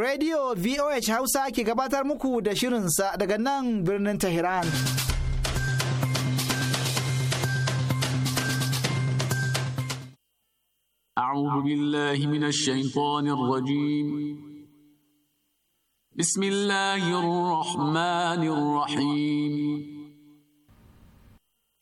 Radiyo VOH Hausa ke gabatar muku da shirin sa daga nan birnin Tehran. A'a wajen yi gilashin da shi a Ina buƙatar tafiya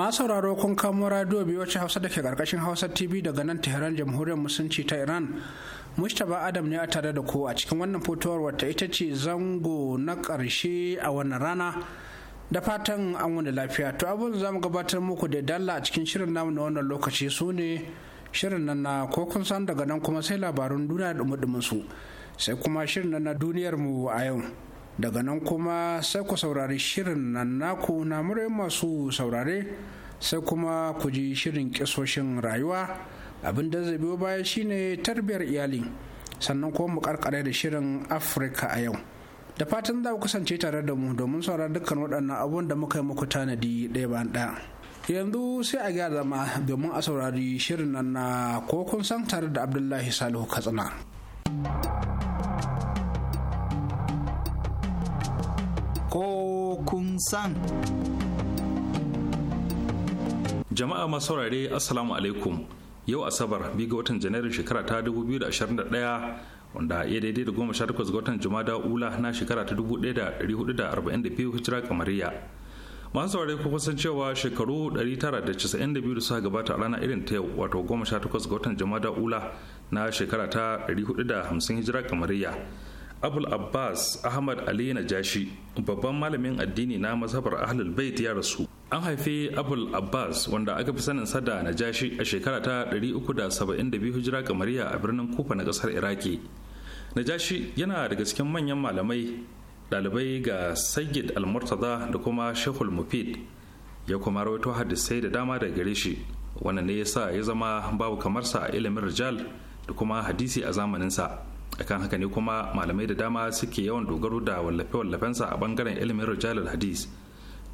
masu sauraro kun kamo radio biyu wacce hausa da ke karkashin hausa tv daga nan tehran jamhuriyar musulunci ta iran mustapha adam ne a tare da ku a cikin wannan fitowar wata ita ce zango na karshe a wannan rana da fatan an wani lafiya to abin za mu gabatar muku da dalla a cikin shirin namu na wannan lokaci su ne shirin nan na ko kun san daga nan kuma sai labarun duniya da su sai kuma shirin nan na duniyar mu a yau daga nan kuma sai ku saurari shirin nan naku na murai masu saurare sai kuma ku ji shirin kisoshin rayuwa abin da zai biyo baya shine tarbiyar iyali sannan kuma mu karkare da shirin afirka a yau da fatan za ku kasance tare da mu domin saurari dukkan waɗannan abubuwan da muka yi muku tanadi ɗaya bayan ɗaya yanzu sai a gyara zama domin a saurari shirin nan na ko san tare da abdullahi salihu katsina kun san. Jama'a masaurare saurare Assalamu alaikum yau Asabar biyu ga watan Janairun shekara ta 2021 wanda ya daidai da goma sha takwas ga watan jumada ula na shekara ta dubu ɗaya da hudu da arba'in da biyu hijira kamariya masu saurare ko kusan cewa shekaru ɗari tara da casa'in da biyu da suka gabata a rana irin ta yau wato goma sha takwas ga watan jumada ula na shekara ta ɗari hudu da hamsin hijira kamariya abul abbas ahmad ali najashi babban malamin addini na mazhabar ahlul bait ya rasu an haife abul abbas wanda aka fi sanin sada najashi a shekara ta 372 hijira kamariya a birnin kufa na kasar iraki najashi yana daga cikin manyan malamai ɗalibai ga sayyid al-murtaza da kuma shehul mufid ya kuma rawaito hadisai da dama daga gare shi wannan ne yasa ya zama babu kamarsa a ilimin rijal da kuma hadisi a zamaninsa akan haka ne kuma malamai da dama suke yawan dogaro da wallafe-wallafensa a bangaren ilimin rijalul hadis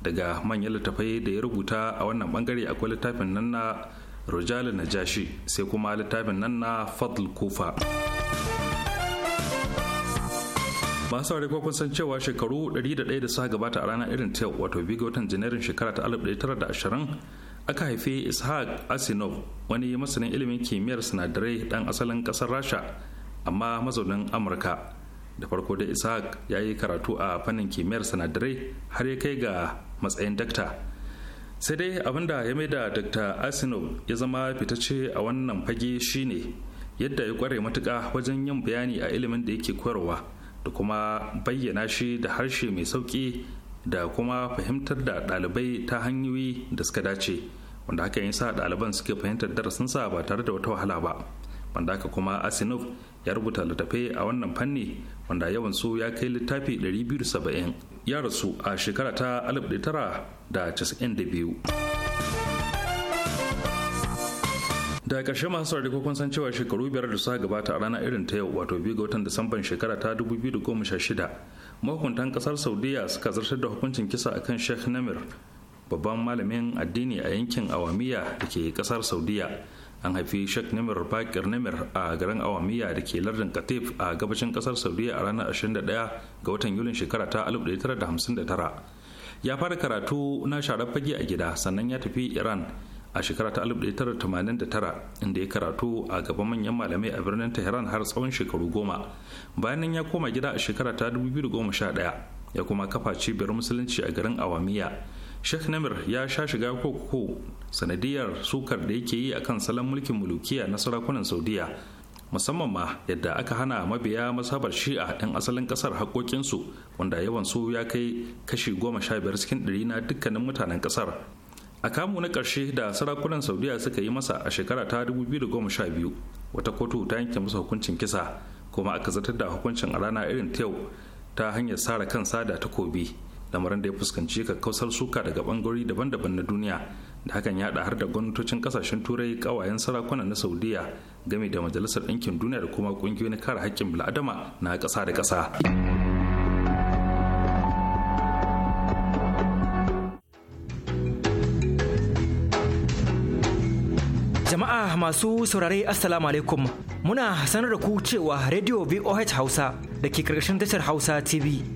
daga manyan littafai da ya rubuta a wannan bangare akwai littafin nan na rijalul najashi sai kuma littafin nan na fadl kufa masu aure kun san cewa shekaru 101 da suka gabata a ranar irin ta wato biyu watan janairun shekara ta 1920 aka haifi ishaq asinov wani masanin ilimin kimiyyar sinadarai dan asalin kasar rasha amma mazaunin amurka da farko da isaac ya yi karatu a fannin kimiyyar sinadarai har ya kai ga matsayin dakta sai dai da ya mai da dakta asinov ya zama fitacce a wannan fage shine yadda ya kware matuka wajen yin bayani a ilimin da yake koyarwa da kuma bayyana shi da harshe mai sauki da kuma fahimtar da ɗalibai ta hanyoyi da suka dace wanda haka yin sa ɗaliban suke fahimtar darasinsa ba tare da wata wahala ba wanda haka kuma asinov ya rubuta littattafai a wannan fanni wanda yawan su ya kai littafi 270 ya rasu a shekara ta 1992 da ƙarshe masu saurari ko kun san cewa shekaru biyar da suka gabata a ranar irin ta yau wato biyu ga watan disamban shekara ta 2016 mahukuntan kasar saudiya suka zartar da hukuncin kisa akan sheikh namir babban malamin addini a yankin awamiya da ke kasar saudiya an haifi sheikh nimir bakir nimir a garin awamiya da ke lardin katif a gabashin kasar saudiya a ranar 21 ga watan yulin shekara ta 1959 ya fara karatu na sharar fage a gida sannan ya tafi iran a shekara ta 1989 inda ya karatu a gaba manyan malamai a birnin tehran har tsawon shekaru goma bayan nan ya koma gida a shekara ta 2011 ya kuma kafa cibiyar musulunci a garin awamiya sheikh namir ya sha shiga koko sanadiyar sukar da yake yi akan salon mulkin mulukiya na sarakunan saudiya musamman ma yadda aka hana mabiya masabar shi'a 'yan asalin kasar haƙoƙinsu wanda yawan su ya kai kashi goma sha biyar cikin ɗari na dukkanin mutanen kasar a kamu na karshe da sarakunan saudiya suka yi masa a shekara ta 2012 wata kotu ta yanke masa hukuncin kisa kuma aka zartar da hukuncin a rana irin ta yau ta hanyar sara kansa da takobi lamarin da ya fuskanci kakkausar suka daga bangarori daban-daban na duniya da hakan ya har da gwamnatocin kasashen turai kawayen sarakuna na saudiya game da majalisar ɗinkin duniya da kuma ƙungiyoyin kare haƙƙin bil'adama na ƙasa da ƙasa. Jama'a masu saurare Assalamu alaikum muna sanar da ku cewa Radio VOH Hausa da ke karkashin tashar Hausa TV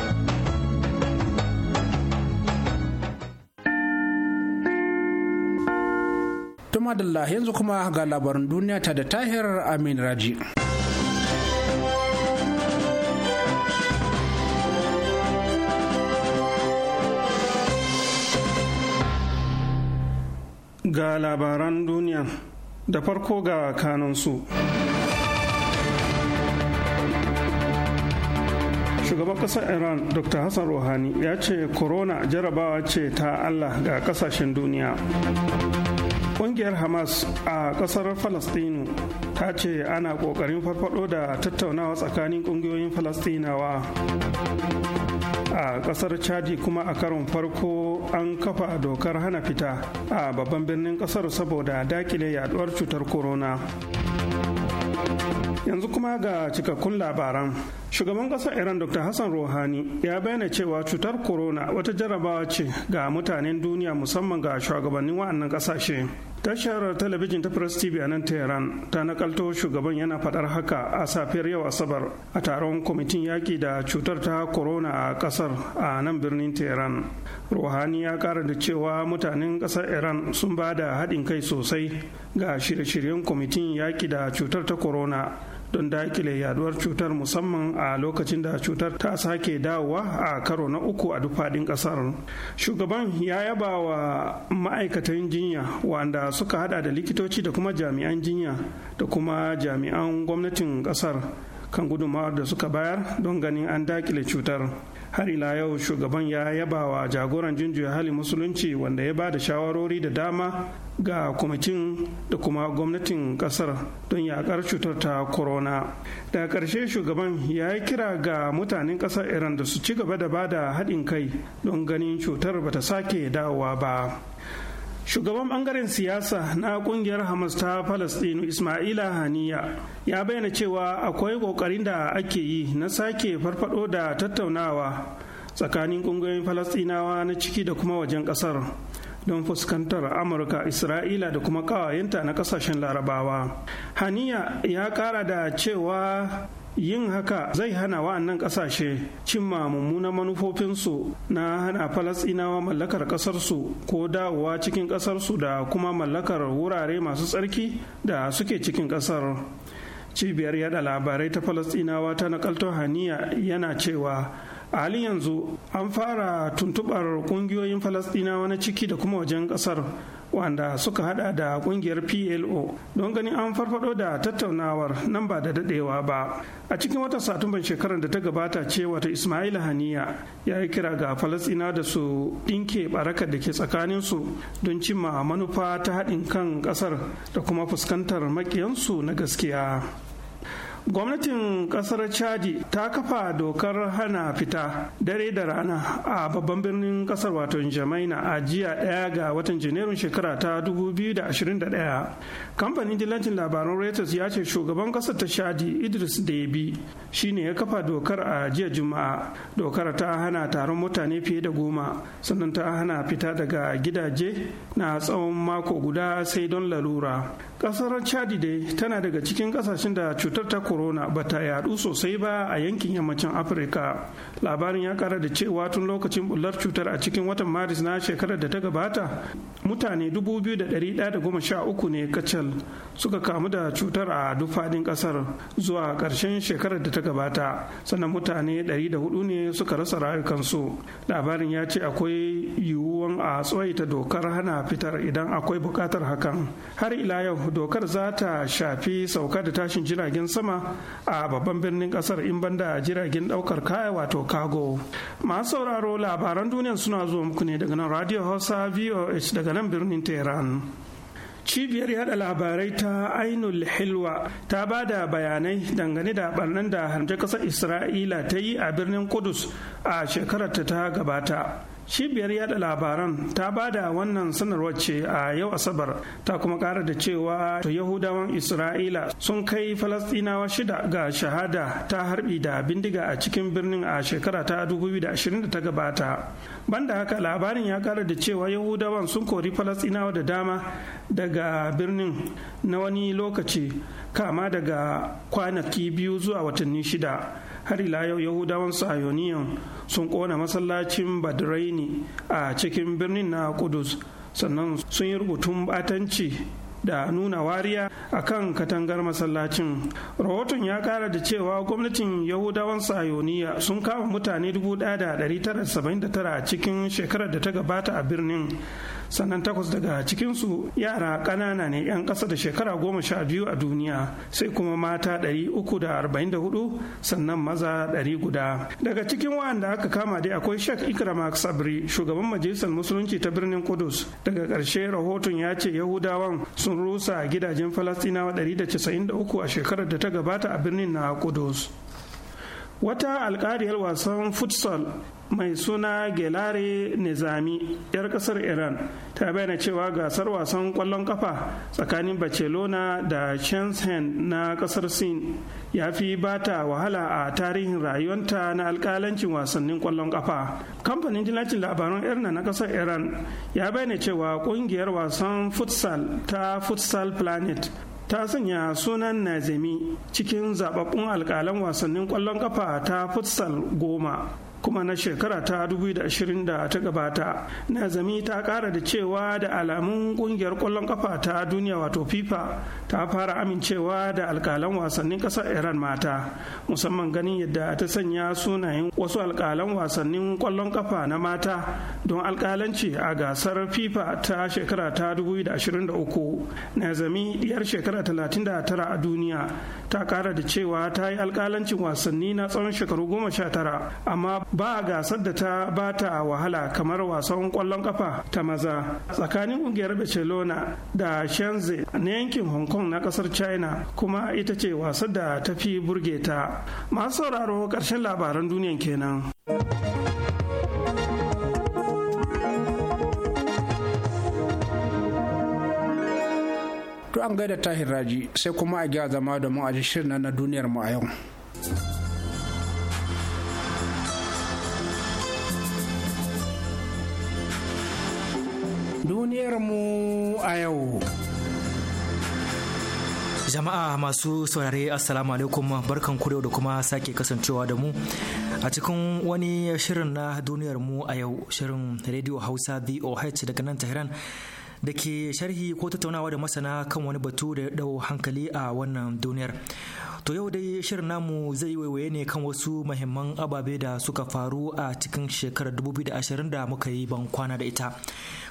madalla yanzu kuma ga labarin duniya ta da tahir amin raji ga labaran duniya da farko ga kanansu shugaban kasar iran dr hassan rouhani ya ce corona jarabawa ce ta allah ga kasashen duniya Kungiyar Hamas a kasar Falastinu ta ce ana ƙoƙarin farfado da tattaunawa tsakanin ƙungiyoyin Falastinawa. A ƙasar Chadi kuma a karon farko an kafa dokar hana fita a babban birnin ƙasar saboda dakile yaduwar cutar corona. yanzu kuma ga cikakkun labaran shugaban ƙasar iran dr hassan rouhani ya bayyana cewa cutar corona wata jarabawa ce ga mutanen duniya musamman ga shugabannin wa'annan ƙasashe tashar talabijin ta press tv a nan tehran ta nakalto shugaban yana fadar haka a safiyar yau asabar a taron kwamitin yaƙi da cutar ta corona a ƙasar a nan birnin tehran ruhani ya ƙara da cewa mutanen ƙasar iran sun ba da haɗin kai sosai ga shirye-shiryen kwamitin yaƙi da cutar ta corona don dakile yaduwar cutar musamman a lokacin da cutar ta sake dawowa a karo na uku a duk faɗin ƙasar shugaban ya yaba wa ma'aikatan jinya wanda suka hada da likitoci da kuma jami'an jinya da kuma jami'an gwamnatin ƙasar kan gudunmawar da suka bayar don ganin an dakile cutar har ila yau shugaban ya yaba wa jagoran jinjiya hali musulunci wanda ya ba da shawarori da dama ga kwamitin da kuma gwamnatin kasar don yakar cutar ta corona daga ƙarshe shugaban ya yi kira ga mutanen kasar iran da su ci gaba da bada haɗin kai don ganin cutar bata sake dawowa ba shugaban bangaren siyasa na kungiyar hamas ta palestine ismaila haniya ya bayyana cewa akwai kokarin da ake yi na sake farfado da tattaunawa tsakanin kungiyoyin falastinawa na ciki da kuma wajen kasar don fuskantar amurka isra'ila da kuma kawayenta na kasashen larabawa haniya ya kara da cewa yin haka zai hana wa'annan ƙasashe cimma mummunan manufofinsu na hana falasɗinawa mallakar ƙasarsu ko dawowa cikin ƙasarsu da kuma mallakar wurare masu tsarki da suke cikin ƙasar cibiyar yada labarai ta falasɗinawa ta nakalto haniya yana cewa a halin yanzu an fara tuntubar kungiyoyin falastinawa na ciki da kuma wajen kasar wanda suka hada da kungiyar plo don ganin an farfado da tattaunawar nan ba da dadewa ba a cikin wata satumban shekarar da ta gabata ce wata ismail haniya ya yi kira ga falasina da su dinke barakar da ke tsakaninsu don cimma manufa ta haɗin kan ƙasar da kuma fuskantar makiyansu na gaskiya gwamnatin kasar chadi ta kafa dokar hana fita dare da rana a babban birnin kasar wato jamaina a jiya daya ga watan janairun shekara ta 2021 kamfanin dillancin labaran reuters ya ce shugaban kasar ta shadi idris da ya debi shine ya kafa dokar a jiya juma'a dokar ta hana taron mutane fiye da goma sannan ta hana fita daga gidaje na tsawon mako guda sai don lalura kasar chadi dai tana daga cikin kasashen da cutar ta corona ba ta yadu sosai ba a yankin yammacin afirka labarin ya kara da cewa tun lokacin bullar cutar a cikin watan maris na shekarar da ta gabata mutane uku ne kacal suka kamu da cutar a duk fadin ƙasar zuwa ƙarshen shekarar da ta gabata sannan mutane 104 ne suka rasa rayukansu labarin ya ce akwai yiwuwan a tsawaita dokar hana fitar idan akwai bukatar hakan har ila yau dokar za ta shafi sauka da tashin jiragen sama a babban birnin ƙasar in banda jiragen ɗaukar kaya wato kago masu sauraro labaran duniya suna zuwa muku ne daga nan radio hausa voh daga nan birnin tehran cibiyar yada labarai ta ainul hilwa ta ba da bayanai dangane da barnan da harjar kasar isra'ila ta yi a birnin kudus a shekarar ta gabata cibiyar yada labaran ta bada wannan sanarwar ce a yau asabar ta kuma kara da cewa to yahudawan isra'ila sun kai falastinawa shida ga shahada ta harbi da bindiga a cikin birnin a shekara ta 2020 ta gabata banda haka labarin ya kara da cewa yahudawan sun kori falastinawa da dama daga birnin na wani lokaci kama daga kwanaki biyu zuwa watanni shida har ila yau yahudawan sayoniyan sun kona masallacin badraini a cikin birnin na kudus sannan sun yi rubutun batanci da nuna wariya a kan katangar masallacin rahoton ya kara da cewa gwamnatin yahudawan sayoniya sun kama mutane 1979 a cikin shekarar da ta gabata a birnin sannan takwas daga cikinsu yara ƙanana ne 'yan ƙasa da shekara goma sha biyu a duniya sai kuma mata ɗari uku da arba'in da hudu sannan maza ɗari guda daga cikin wa'anda aka kama dai akwai shek ikrama sabri shugaban majalisar musulunci ta birnin kudus daga ƙarshe rahoton ya ce yahudawan sun rusa gidajen falastinawa ɗari da casa'in da uku a shekarar da ta gabata a birnin na kudus wata alkariyar wasan futsal mai suna gelare nizami 'yar kasar iran ta bayyana cewa gasar wasan kwallon kafa tsakanin barcelona da shenzhen na kasar sin ya fi bata wahala a tarihin rayuwanta na alkalancin wasannin kwallon kafa kamfanin jinacin labaran irna na kasar iran ya bayyana cewa kungiyar wasan futsal ta futsal planet ta sanya sunan nazemi cikin zababbun alkalan wasannin kwallon kafa ta futsal goma kuma na shekara ta 2020 da ta gabata nazami ta kara da cewa da alamun kungiyar kwallon kafa ta duniya wato fifa ta fara amincewa da alkalan wasannin kasar iran mata musamman ganin yadda ta sanya sunayen wasu alkalan wasannin kwallon kafa na mata don alkalanci a gasar fifa ta shekara ta 2023 nazami diyar shekara 39 a duniya ta kara da cewa ta yi alkalancin wasanni na tsawon shekaru 19 amma ba a gasar da ta bata wahala kamar wasan kwallon kafa ta maza tsakanin kungiyar barcelona da shenzhen na yankin hong kong na kasar china kuma ita ce wasar da ta fi burge ta masu sauraro karshen labaran duniyan kenan To an gaida tahir raji sai kuma a gyara zama da mu a shirin na duniyar mu a yau. duniyarmu a yau. Jama'a masu saurare Assalamu alaikum barkan ku da kuma sake kasancewa da mu a cikin wani shirin na duniyar mu a yau shirin Radio Hausa VOH daga nan Tehran da ke sharhi ko tattaunawa da masana kan wani batu da ya dau hankali a wannan duniyar. To yau dai shirin namu zai waiwaye ne kan wasu mahimman ababe da suka faru a cikin shekarar 2020 da muka yi ban kwana da ita.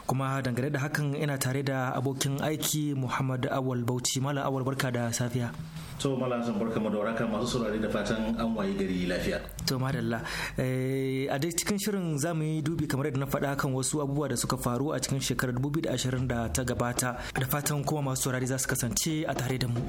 Kuma dangane da hakan ina tare da abokin aiki Muhammad Awal Bauchi Mala Awal barka da safiya. to malam zan barka da waraka masu saurare da fatan an waye gari lafiya to madalla eh, a dai cikin shirin za mu yi dubi kamar yadda na faɗa kan wasu abubuwa da suka faru a cikin shekarar 2020 da ta gabata da fatan kuma masu saurare za su kasance a tare da mu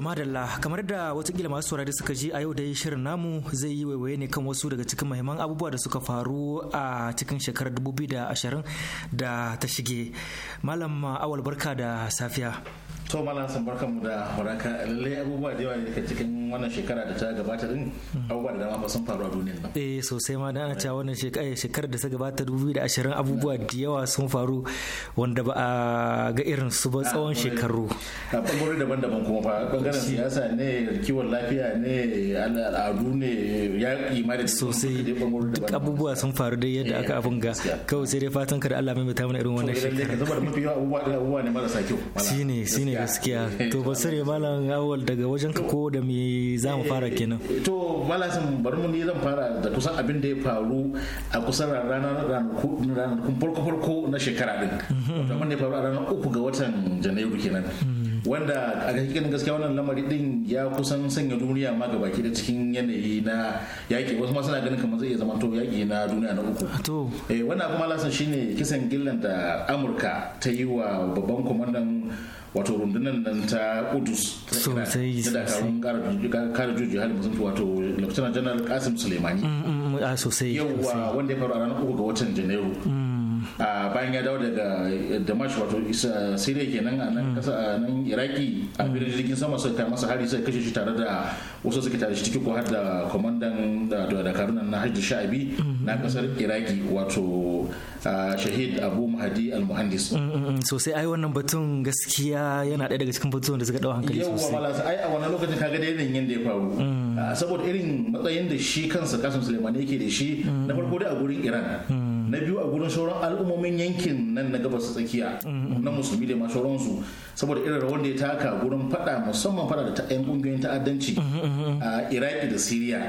To madalla kamar da watakila masu saurari suka ji a yau dai shirin namu zai yi waiwaye ne kan wasu daga cikin mahimman abubuwa da suka faru a cikin shekarar 2020 da ta shige. Malam Awal barka da safiya. to malam san mu da waraka lalle abubuwa da yawa ne daga cikin wannan shekara da ta gabata din abubuwa da dama ba sun faru a duniyar nan eh sosai ma da ana cewa wannan eh, shekara da ta gabata 2020 abubuwa da yawa sun faru wanda ba a ga irin su ba tsawon ah, shekaru a bangare daban-daban kuma fa bangaren siyasa ne kiwon lafiya ne al'adu ne yaƙi ma da sosai duk abubuwa sun faru dai yadda aka eh, abin ga kawai sai dai fatan ka da Allah mai mutane irin wannan shekara. Shi mafi yawa abubuwa ne marasa kyau. gaskiya eh, to basire malam awal daga wajen ka ko da me za mu fara eh, kenan to malasin bari mu ni zan fara da kusan abin da ya faru a kusan ranar ranakun farko farko na shekara din wato mhm. abin da ya faru a ranar uku ga watan janairu kenan mhm. wanda a gaskiya gaskiya wannan lamari din ya kusan sanya duniya ma gabaki da cikin yanayi na yaƙi wasu ma suna ganin kamar zai iya zama to yaƙi na duniya na uku to eh wannan kuma lasan shine kisan gillan da Amurka ta yi wa babban kwamandan wato rundunar nan ta kudus sosai da kare juju hali musulunci wato lieutenant general kasim suleimani mm, mm, mm, ah, sosai yauwa wanda ya faru a ranar uku ga watan janairu bayan ya dawo daga damash wato siriya kenan nan hmm. kasa a nan iraki a birnin hmm. jirgin sama sai kai masa hari sai kashe shi tare da wasu suka tare shi ciki ko har da kwamandan da karunan na hajji sha'abi hmm. na kasar iraki wato shahid abu mahadi al-muhandis sosai ai wannan batun gaskiya yana ɗaya daga cikin batun da suka ɗau hankali sosai yawa malasa ai a wannan lokacin kaga da yanayin yanda ya faru saboda irin matsayin da shi kansa kasan suleimani yake da shi na farko dai a gurin iran na biyu a gurin sauran al'ummomin yankin nan na gabas tsakiya mm-hmm. na musulmi da sauransu saboda irin rawar da ya taka gurin fada musamman fada da yan kungiyoyin ta'addanci mm-hmm, mm-hmm. a iraki da siriya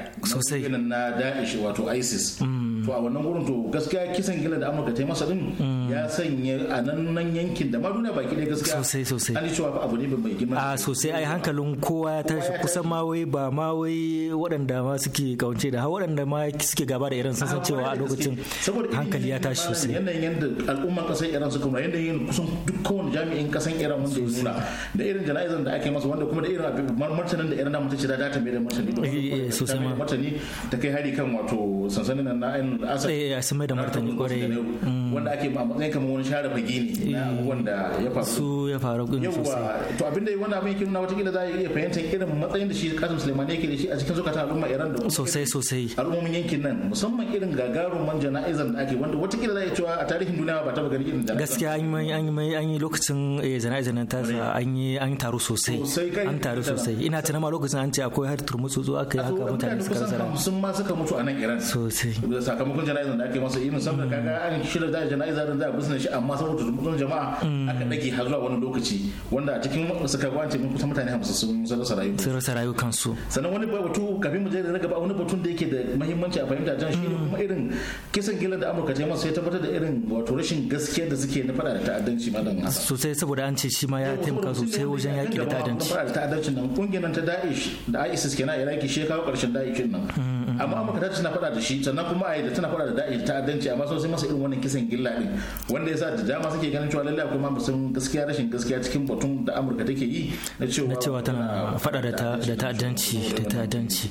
na na da'ish wato isis to a wannan gurin to gaskiya kisan gila da amurka ta yi masa din ya sanya a nan nan yankin da ma duniya baki ɗaya gaskiya sosai sosai an cewa abu ne mai girma a sosai ai hankalin kowa ya tashi kusan ma wai ba ma wai waɗanda ma suke kaunce da har waɗanda ma suke gaba da iran sun san cewa a lokacin hankali ya tashi sosai yanayin yadda al'umman ƙasar iran suka nuna yanayin kusan duk kowane jami'in ƙasar iran mun da nuna da irin jana'izan da ake masa wanda kuma da irin martanin da iran da mutum ce da eh, eh, ta mai da martani sosai ma martani ta kai hari kan wato sansanin nan na akan mai da martani kwarai mm. wanda ake a matsayin kamar wani share fage ne na eh, wanda ya faru su ya faru gun sosai to abin da wanda abin yake nuna wata kila za a iya fahimtar irin matsayin da shi Kasim sulaiman yake da shi a cikin zukatan al'umma Iran da sosai sosai al'ummomin yankin nan musamman irin gagarumin jana'izan da ake wanda wata kila za a cewa a tarihin duniya ba ta gani irin jana'izar gaskiya an yi an yi an yi lokacin eh, jana'izan nan ta an yi an taru sosai an taru sosai ina tunama lokacin an ce akwai har turmutsu zuwa aka yi haka mutane suka zara sun ma suka mutu a nan Iran sosai sakamakon jana'izar da ake masa yi musamman kaga an shirya da jana'izar da za a shi amma saboda dubban jama'a aka dage har zuwa wani lokaci wanda a cikin suka gwance mun mutane 50 sun sun rasa rayu sun rasa rayu kansu sannan wani batu kafin mu je da gaba wani batun da yake da muhimmanci a fahimta jan shi kuma mm. irin kisan gila da Amurka ta masa ya tabbatar da irin wato rashin gaskiya da suke na fada da ta'addanci madan sosai saboda an ce shi ma ya taimaka sosai wajen yaki da ta'addanci ta'addanci nan kungiyar ta da'ish da ISIS kenan Iraki shi kawo karshen da'ishin nan mm. amma amma ta tana faɗa da shi sannan kuma a da tana faɗa da da'i ta'addanci amma sun sai masa irin wannan kisan gilla din wanda yasa da dama suke ganin cewa lallai kuma sun gaskiya rashin gaskiya cikin batun da amurka take yi na cewa tana faɗa da ta'addanci da ta ta'addanci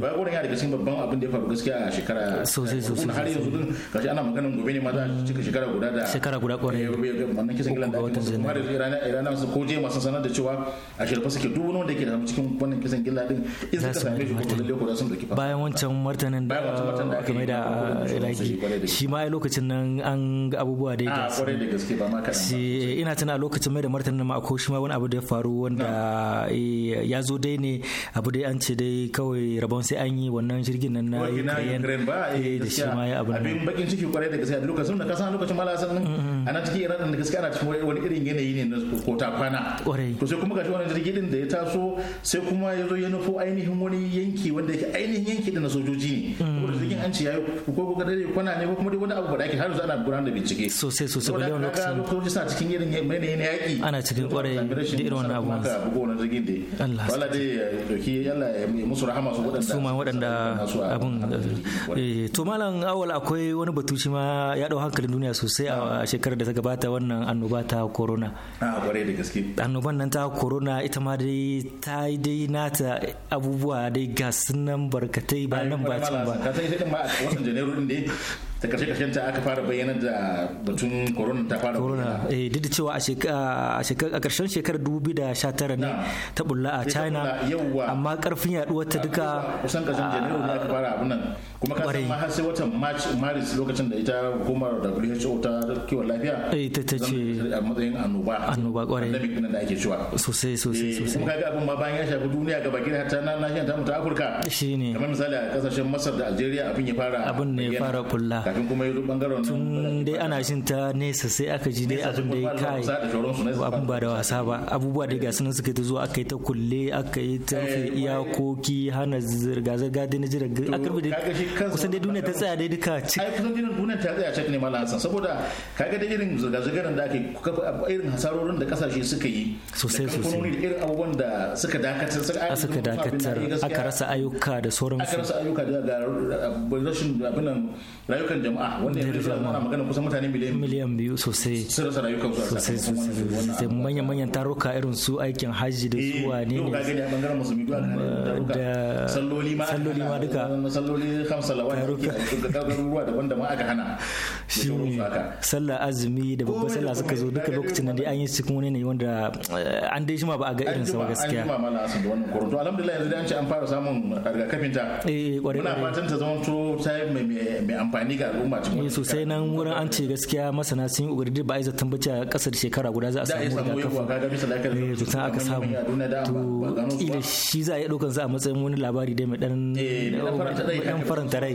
ba gurin ya daga cikin babban abin da ya faru gaskiya a shekara sosai sosai har yanzu din gashi ana maganin gobe ne ma za a mm. cika shekara guda da shekara guda kwarai eh, wannan kisan gilla da kuma da irana irana su ko je masu sanar da cewa a shirfa suke duk wani wanda yake da cikin wannan kisan gilla din in suka same shi ko da ko dauki bayan wancan martanin da aka da iraki shi ma ya lokacin nan an abubuwa da ya ah, ina tana lokacin mai da martanin ma ko shi ma wani abu da ya faru wanda eh, ya zo dai ne abu dai an ce dai kawai rabon sai an yi wannan jirgin nan na kayan eh, eh, da shi ma ya abu ka san lokacin mm, mm, mm. ana da gaske. ne sai kuma shi wannan jirgin da ya taso sai kuma ya zo ya nufo ainihin wani yanki wanda yake ainihin yake da na sojoji ne mm. da jirgin an ce yayi ko ko kada dai kwana ne ko kuma dai wani abu ba da yake har yanzu ana gudanar da bincike sosai sosai ba da lokacin ji sa cikin irin yanayin yaki ana cikin kwarai da irin wannan abu ka bugo wannan jirgin dai Allah wala dai doki Allah ya musu rahama su wadanda su ma wadanda abun eh, to malam awal akwai wani batu shi ma ya dau hankalin duniya sosai a ah. shekarar da ta gabata wannan annoba ta corona a ah, kwarai da gaske annoban nan ta corona ita ma dai ta dai nata abubuwa dai ga sunan barkatai dai ba nan ba can ba ka sai sai ba a watan janairu din dai ta karshe karshen ta aka fara bayyana da batun corona ta fara corona eh duk da cewa a shekar a karshen shekarar 2019 ne ta bulla a China amma karfin yaduwar ta duka kusan karshen Janairu ne aka fara abun nan kuma ka san ma har sai watan March Maris lokacin da ita hukumar WHO ta kiwon lafiya eh ta ta ce a matsayin annoba annoba kwarai da din da ake cewa sosai sosai eh, sosai kuma kaga abun ma bayan ya shafi duniya gaba gida ta na nahiyar ta mutu ta Afirka shine kamar misali a kasashen Masar da Algeria abin ya fara abin ne ya fara kulla kafin kuma yi bangaren tun dai ana jin ta nesa sai aka ji dai abin da ya kai abin ba da wasa ba abubuwa da ga sunan suka ta zuwa aka yi ta kulle aka yi ta iyakoki hana zirga-zirga dai na jirage a karbe da kusan dai duniya ta tsaya dai duka ci ai kusan duniya ta tsaya cik ne mala hasan saboda kaga da irin zirga-zirgar da ake irin hasarorin da kasashe suka yi sosai sosai da irin abubuwan da suka dakatar suka dakatar aka rasa ayyuka da sauran aka rasa ayyuka da rashin abinan rayuka wannan jama'a wanda rufe ana magana kusan mutane miliyan miliyan biyu sosai sun rasa rayukansu sosai sosai manyan manyan taruka irin su aikin hajji da su eh, wane ne da salloli ma salloli ma duka salloli hamsa lawan da garuruwa ruwa da ma aka hana shi ne sallah azumi da babban sallah suka zo duka lokacin nan dai an yi cikin wani ne wanda eh, an dai shi ma ba a ga irin sa gaskiya an yi mamala asu da wannan koronto alhamdulillah yanzu dai an ce an fara samun rigakafin ta eh kwarai muna fatan ta zama to ta mai amfani ga al'umma cikin wani eh, sosai nan wurin an ce gaskiya masana sun yi ba a yi tambaci a kasar shekara guda za a samu rigakafi eh, to san aka samu to kila shi za a yi ɗaukan a matsayin wani labari dai mai ɗan eh, faranta rai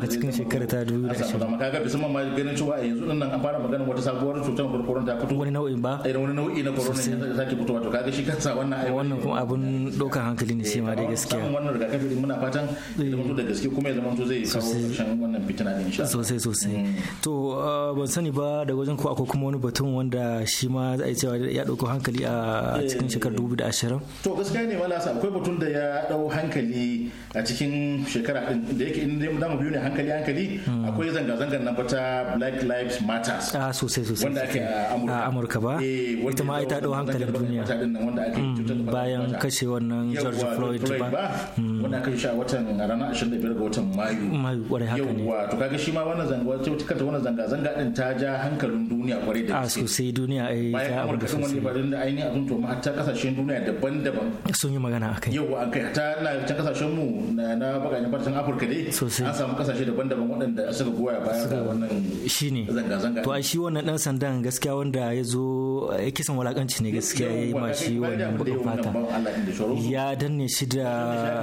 a cikin shekara ta dubu da shi. ashirin kaga bisa mamma ganin cewa a yanzu nan an fara maganar wata sabuwar cutar corona ta fito wani nau'in ba irin wani nau'i na corona ne sake fitowa to kaga shi kansa wannan ai wannan kuma abun ɗaukan hankali ne shi ma dai gaskiya wannan rigakafi muna fatan da mutu da gaskiya kuma ya zama to zai kawo ƙarshen wannan fitina din insha sosai sosai eh. to uh, ban sani ba da wajen ko akwai kuma wani batun wanda shi ma za a cewa ya dauko hankali a eh. cikin shekarar ashirin. to gaskiya ne wala sa akwai batun da ya dau hankali a cikin shekara din da yake inda mu biyu ne hankali hankali hmm. akwai zanga zangar na bata black lives matters a ah, sosai sosai wanda ake a amurka ba eh, ita ma ita dau hankalin duniya hmm, bayan kashe wannan george floyd ba hmm. wanda aka yi shi a watan ranar 25 ga watan mayu mayu kwarai haka ne yauwa to kaga shi ma ma wannan zanga cutar wannan zanga zanga din ta ja hankalin duniya kwarai da gaske A sosai duniya eh, ai ta abu da sosai bayan da ainihin abin to hatta kasashen duniya daban-daban sun yi magana akai yau an kai hatta na can kasashen mu na na bakajen barcin Afirka dai an samu kasashe daban-daban waɗanda suka goya baya ga wannan shine zanga zanga to ai shi wannan dan sandan gaskiya wanda ya zo ya eh, kisan walakanci ne gaskiya ya yi ma shi wannan bakin fata ya danne shi da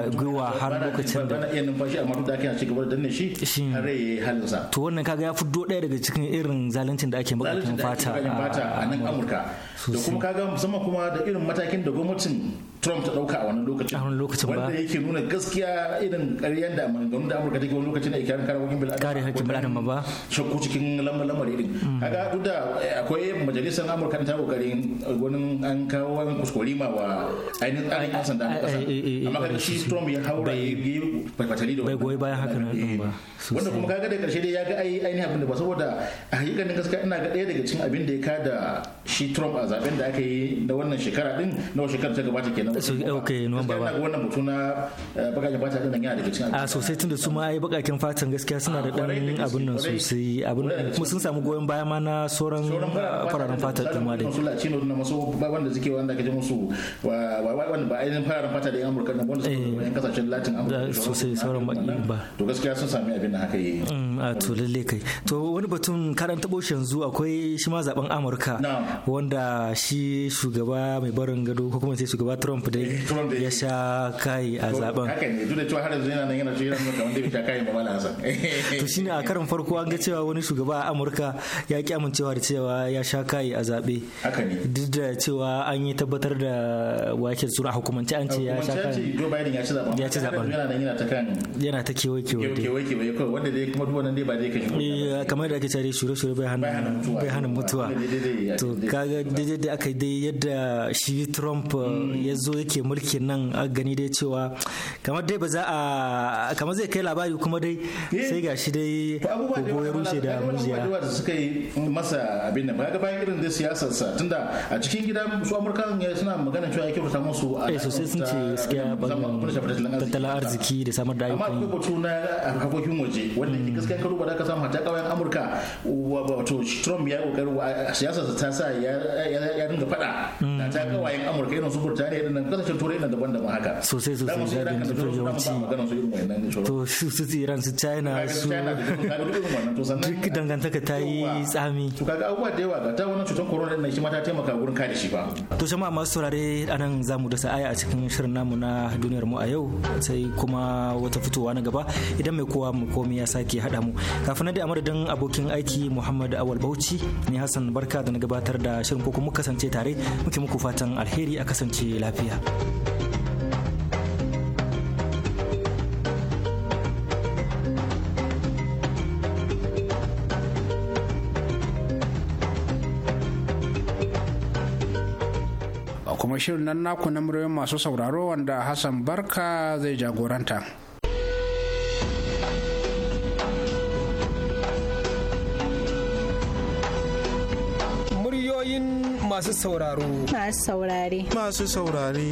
gwiwa har lokacin da iya numfashi amma duk da ake a cikin da danne shi har ya halin kusa to wannan kaga ya fito ɗaya daga cikin irin zaluncin da ake bukatan fata a nan amurka da kuma kaga musamman kuma da irin matakin da gwamnatin Trump ta dauka a wannan lokacin. A wannan lokacin ba. Wanda yake nuna gaskiya irin ƙaryar da maganganun da Amurka take wani lokacin da ikirar kare haƙƙin bil'adama. Kare haƙƙin bil'adama ba. Shakku cikin lamar-lamar irin. Mm. Kaga duk da akwai majalisar Amurka ta kokarin wani an kawo wani kuskure ma wa ainihin tsarin yan sanda na ƙasa. Amma kada shi Trump ya haura ya yi fatali da wannan. Bai goyi bayan hakan ba. Eh. Wanda kuma kaga da ƙarshe dai ya ga ainihin abin da ba saboda a hakikanin gaskiya ina ga ɗaya daga cikin abin da ya kada shi Trump a zaben da aka yi na wannan shekara din na shekara ta gabata kenan ok nuwamba ba wannan batu na eh, bakakin fata din yana daga cikin a ah, sosai tunda su ma ai bakakin fatan gaskiya suna da dan ah, abun nan sosai abun kuma sun samu goyon baya ma na sauran fararen fata din ma dai su latino na maso ba wanda suke wanda kaje musu wanda ba ainihin fararen fata da yan Amurka na wanda suke eh. yan kasashen Latin Amurka sosai sauran ba to gaskiya sun sami abin da haka yi mm, a ah, to lalle kai to wani batun karan tabo yanzu akwai shi ma zaben Amurka wanda shi shugaba mai barin gado ko kuma sai shugaba eh, Trump dai ya sha kai a zaben shi ne a karin farko an ga cewa wani shugaba a Amurka ya ki amincewa da cewa ya sha kai a zabe duk da cewa an yi tabbatar da wakil sura hukumance an ce ya sha kai ya ci zaben yana ta kewaye kewaye kewaye kewaye wanda dai kuma duk wannan dai ba dai kashe eh, kamar da ake cewa shure shure bai hana mutuwa to kaga daidai da aka dai yadda shi trump uh, mm. ya zo yake mulkin nan a gani dai cewa kamar dai ba za a kamar zai kai labari kuma dai eh. sai ga shi dai kogo ya rushe da mujiya abubuwa da suka yi masa abin nan ba bayan irin da siyasar sa tunda a cikin gida su amurkan suna magana cewa yake kyautata musu a eh sosai sun ce gaskiya bangaren tattalin arziki da samar da ayyukan amma kuma tuna na harkokin waje wanda ke mm. gaskiya karo ba da ka samu hatta kawai amurka wato trump ya kokarin siyasar sa ta sa sa ya ringa faɗa mm. da ta kawayen amurka irin su burtaniya irin nan kasashen turai irin daban-daban haka sosai sosai da irin su yawanci to su su iran su china su duk dangantaka ta yi tsami to kaga abubuwa da yawa ga ta wannan cutar corona din nan shi ma ta taimaka gurin kare shi ba to jama'a masu saurare anan zamu dasa aya a cikin shirin namu na duniyar mu a yau sai kuma wata fitowa na gaba idan mai kowa mu komai ya sake haɗa mu kafin na da amadadin abokin aiki Muhammad Awal Bauchi ni Hassan Barka da na gabatar gabatar da shirin ko kuma kasance tare muke muku fatan alheri a kasance lafiya. shirin nan naku na muryoyin masu sauraro wanda Hassan Barka zai jagoranta. masu sauraro masu saurare masu saurare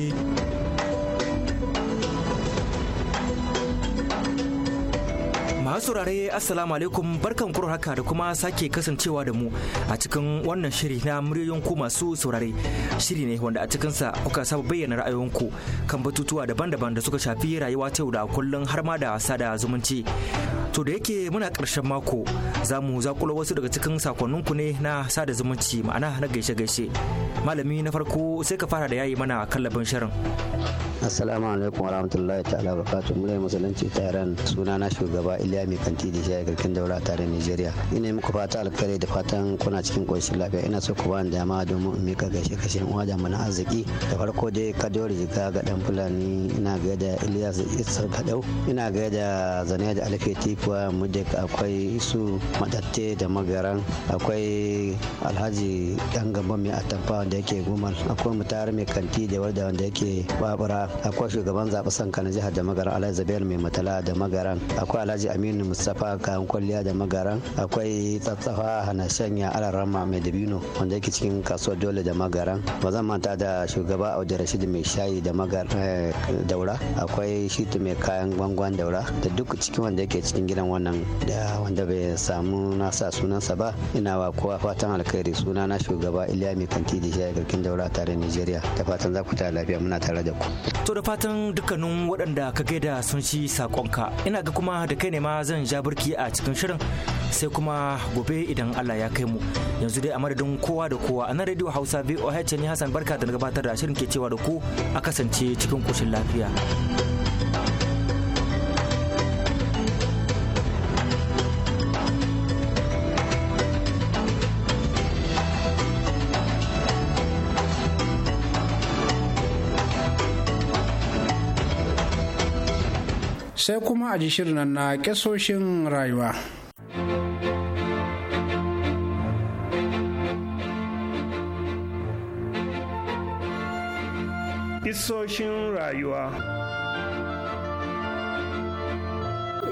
masu assalamu alaikum barkan kuro haka da kuma sake kasancewa da mu a cikin wannan shiri na muryoyin masu saurare shiri ne wanda a cikinsa kuka saba bayyana ra'ayoyinku kan batutuwa daban-daban da suka shafi rayuwa ta yau da kullum har ma da sada zumunci To da yake muna karshen mako za mu zakula wasu daga cikin sakonninku ne na sada zumunci ma'ana na gaishe-gaishe. Malami na farko sai ka fara da yayi mana kallabin shirin. Assalamu alaikum warahmatullahi ta'ala barakatuh mulai musulunci ta suna sunana shugaba Iliya Mai Kanti da shi garkin daura tare Nigeria. Ina muku fata alkhairi da fatan kuna cikin ƙoshin lafiya ina so ku bani dama domin in mika gaishe kashe uwa da mana arziki da farko dai kadori jiga ga dan Fulani ina gaida Ilyas Isar Gadau ina gaida Zane da tv. kuwa mudek akwai su madatte da magaran akwai alhaji dan gaba mai atamfa wanda yake gumal akwai mutare mai kanti da wanda wanda yake babura akwai shugaban zaɓe sanka jihar da magaran alhaji zabiyar mai matala da magaran akwai alhaji aminu mustafa kayan kwalliya da magaran akwai tsatsafa hana shanya alarama mai dabino wanda yake cikin kasuwar dole da magaran ba zan manta da shugaba audu rashid mai shayi da magar eh, daura akwai shitu mai kayan gwangwan daura da duk cikin wanda yake cikin gidan wannan da wanda bai samu nasa sunansa ba ina wa kowa fatan alkhairi suna na shugaba iliya mai kanti da shaya garkin daura tare nigeria da fatan za ku ta lafiya muna tare da ku to da fatan dukkanin waɗanda ka gaida sun ci sakonka ina ga kuma da kai ne ma zan ja burki a cikin shirin sai kuma gobe idan Allah ya kai mu yanzu dai a madadin kowa da kowa a nan radio hausa voh ne hassan barka da gabatar da shirin ke cewa da ku a kasance cikin koshin lafiya sai kuma a ji shirin na kesoshin rayuwa. Isoshin rayuwa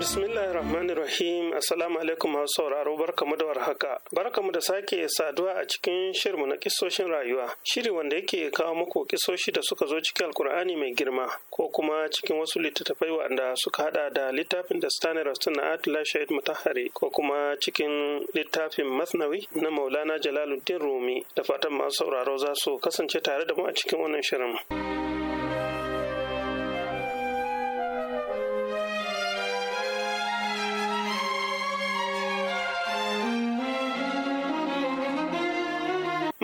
Bismillahirrahmanirrahim Assalamu alaikum masu sauraro barkamu da warhaka. Barkamu da sake saduwa a cikin shirmu na kisoshin rayuwa. Shiri wanda yake kawo muku kisoshi da suka zo cikin Alkur'ani mai girma ko kuma cikin wasu littattafai wanda suka hada da littafin da Stanley Rastin na Atila Shahid Mutahari ko kuma cikin littafin Masnawi na Maulana Jalaluddin Rumi da fatan masu sauraro za su kasance tare da mu a cikin wannan shirin.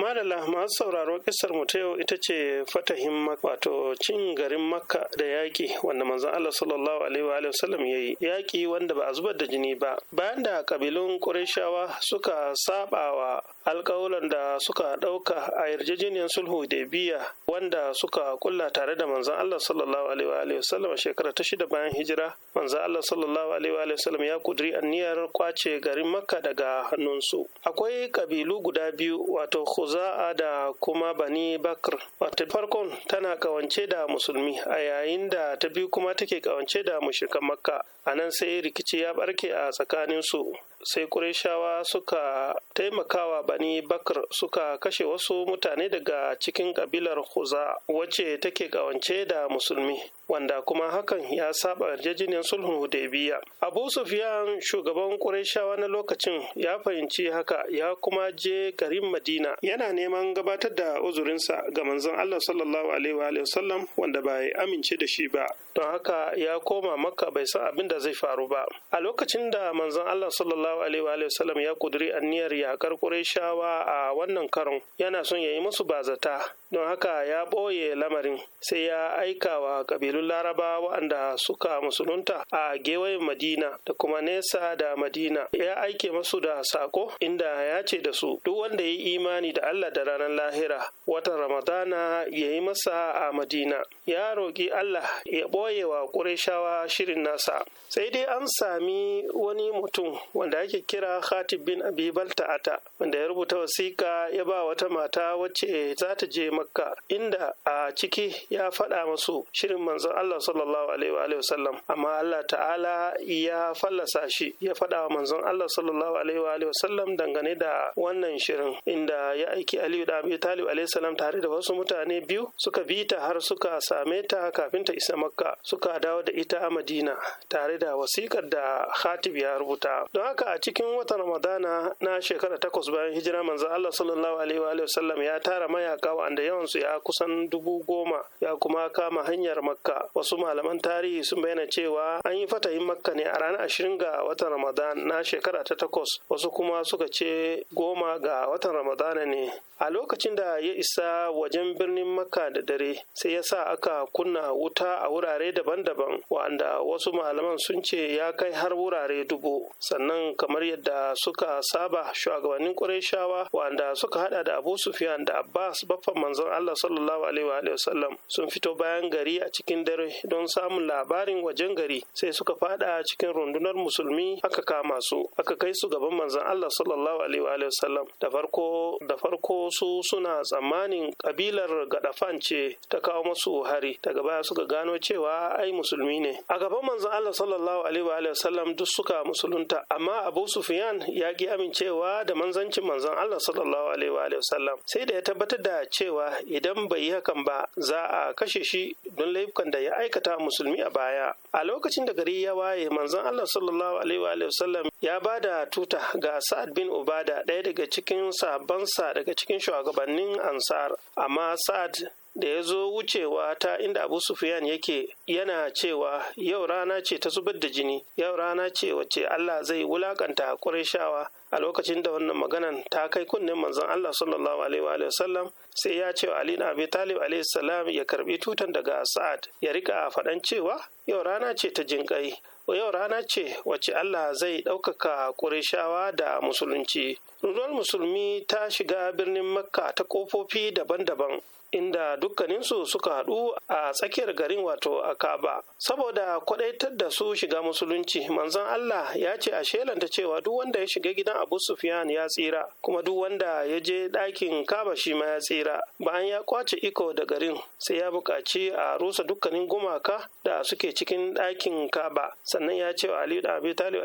madalla masu sauraro kisar mu ta yau ita ce fatahin makka wato cin garin makka da yaƙi wanda manzon allah sallallahu alaihi wa sallam ya yi yaƙi wanda ba a zubar da jini ba bayan da kabilun ƙurashawa suka wa alƙawuran da suka ɗauka a yarjejeniyar sulhu da biya wanda suka kulla tare da manzon allah sallallahu alaihi wa sallam shekara ta shida bayan hijira manzon allah sallallahu alaihi wa sallam ya kuduri aniyar kwace garin makka daga hannunsu akwai kabilu guda biyu wato khuzar za'a da kuma Bani Bakr. Wata farkon tana kawance da musulmi a yayin da ta biyu kuma take kawance da mushrikan Makka. A nan sai rikici ya barke a tsakaninsu. sai Qurayshawa suka taimakawa Bani Bakar suka kashe wasu mutane daga cikin kabilar huza wacce take kawance da musulmi wanda kuma hakan ya saba yarjejeniyar sulhun Hudaybiya Abu Sufyan shugaban Qurayshawa na lokacin ya fahimci haka ya kuma je garin Madina yana neman gabatar da uzurinsa ga manzon Allah sallallahu alaihi wa wanda wanda bai amince da shi ba don haka ya koma Makka bai san abin da zai faru ba a lokacin da manzon Allah sallallahu sallallahu alaihi wa sallam ya kuduri anniyar yakar Qurayshawa a wannan karon yana son ya yi musu bazata don haka ya ɓoye lamarin sai ya aika wa ƙabilun laraba waɗanda suka musulunta a gewayen madina da kuma nesa da madina ya aike masu da sako inda ya ce da su duk wanda ya yi imani da allah da ranar lahira watan ramadana ya yi masa a madina ya roƙi allah ya ɓoye wa ƙureshawa shirin nasa sai dai an sami wani mutum wanda ake kira khatib bin abi balta'ata wanda ya rubuta wasiƙa ya ba wata mata wacce za ta je makka inda a ciki ya faɗa masu shirin manzon allah sallallahu alaihi wa sallam amma allah ta'ala ya fallasa shi ya faɗa wa manzon allah sallallahu alaihi wa sallam dangane da wannan shirin inda ya aiki aliyu da Abi talib alaihi salam tare da wasu mutane biyu suka bi ta har suka same ta kafin ta isa makka suka dawo da ita madina tare da wasikar da khatib ya rubuta don haka a cikin watan ramadana na shekara takwas bayan hijira manzon allah sallallahu alaihi wa sallam ya tara mayaka wa'anda yawansu ya kusan dubu goma ya kuma kama hanyar makka wasu malaman tarihi sun bayyana cewa an yi fatahin makka ne a ranar ashirin ga watan ramadan na shekara ta takwas wasu kuma suka ce goma ga watan ramadana ne a lokacin da ya isa wajen birnin makka da dare sai ya sa aka kunna wuta a wurare daban-daban wanda wasu malaman sun ce ya kai har wurare dubu sannan kamar yadda suka saba shugabannin ƙurayshawa wanda suka hada da abu sufiyan da abbas baffan manzo manzon Allah sallallahu alaihi wa sallam sun fito bayan gari a cikin dare don samun labarin wajen gari sai suka fada cikin rundunar musulmi aka kama su aka kai su gaban manzon Allah sallallahu alaihi wa sallam da farko da farko su suna tsammanin kabilar gadafan ce ta kawo masu hari daga baya suka gano cewa ai musulmi ne a gaban manzon Allah sallallahu alaihi wa sallam duk suka musulunta amma Abu Sufyan ya ki amincewa da manzancin manzon Allah sallallahu alaihi wa sallam sai da ya tabbatar da cewa idan bai yi hakan ba za a kashe shi don laifukan da ya aikata musulmi a baya a lokacin da gari ya waye manzon Allah sallallahu alaihi wa sallam ya ba da tuta ga Sa'ad bin Ubada ɗaya daga cikin sabansa daga cikin shugabannin Ansar amma Sa'ad da ya zo wucewa ta inda abu sufiyan yake yana cewa yau rana ce ta zubar da jini yau rana ce wacce allah zai wulakanta ƙurashawa a lokacin da wannan maganan ta kai kunnen manzon allah sallallahu alaihi wa sallam sai ya ce ali na abi talib alaihi salam ya karbi tutan daga sa'ad ya rika faɗan cewa yau rana ce ta jinƙai yau rana ce wace Allah zai ɗaukaka ƙurishawa da musulunci. Rundunar musulmi ta shiga birnin Makka ta ƙofofi daban-daban inda dukkaninsu suka haɗu a tsakiyar garin wato a kaba saboda kwadaitar da su shiga musulunci manzon allah ya ce a shelanta cewa duk wanda ya shiga gidan abu sufyan ya tsira kuma duk wanda ya je ɗakin kaba shi ma ya tsira bayan ya kwace iko da garin sai ya buƙaci a rusa dukkanin gumaka da suke cikin ɗakin kaba sannan ya ce wa aliyu da abi talib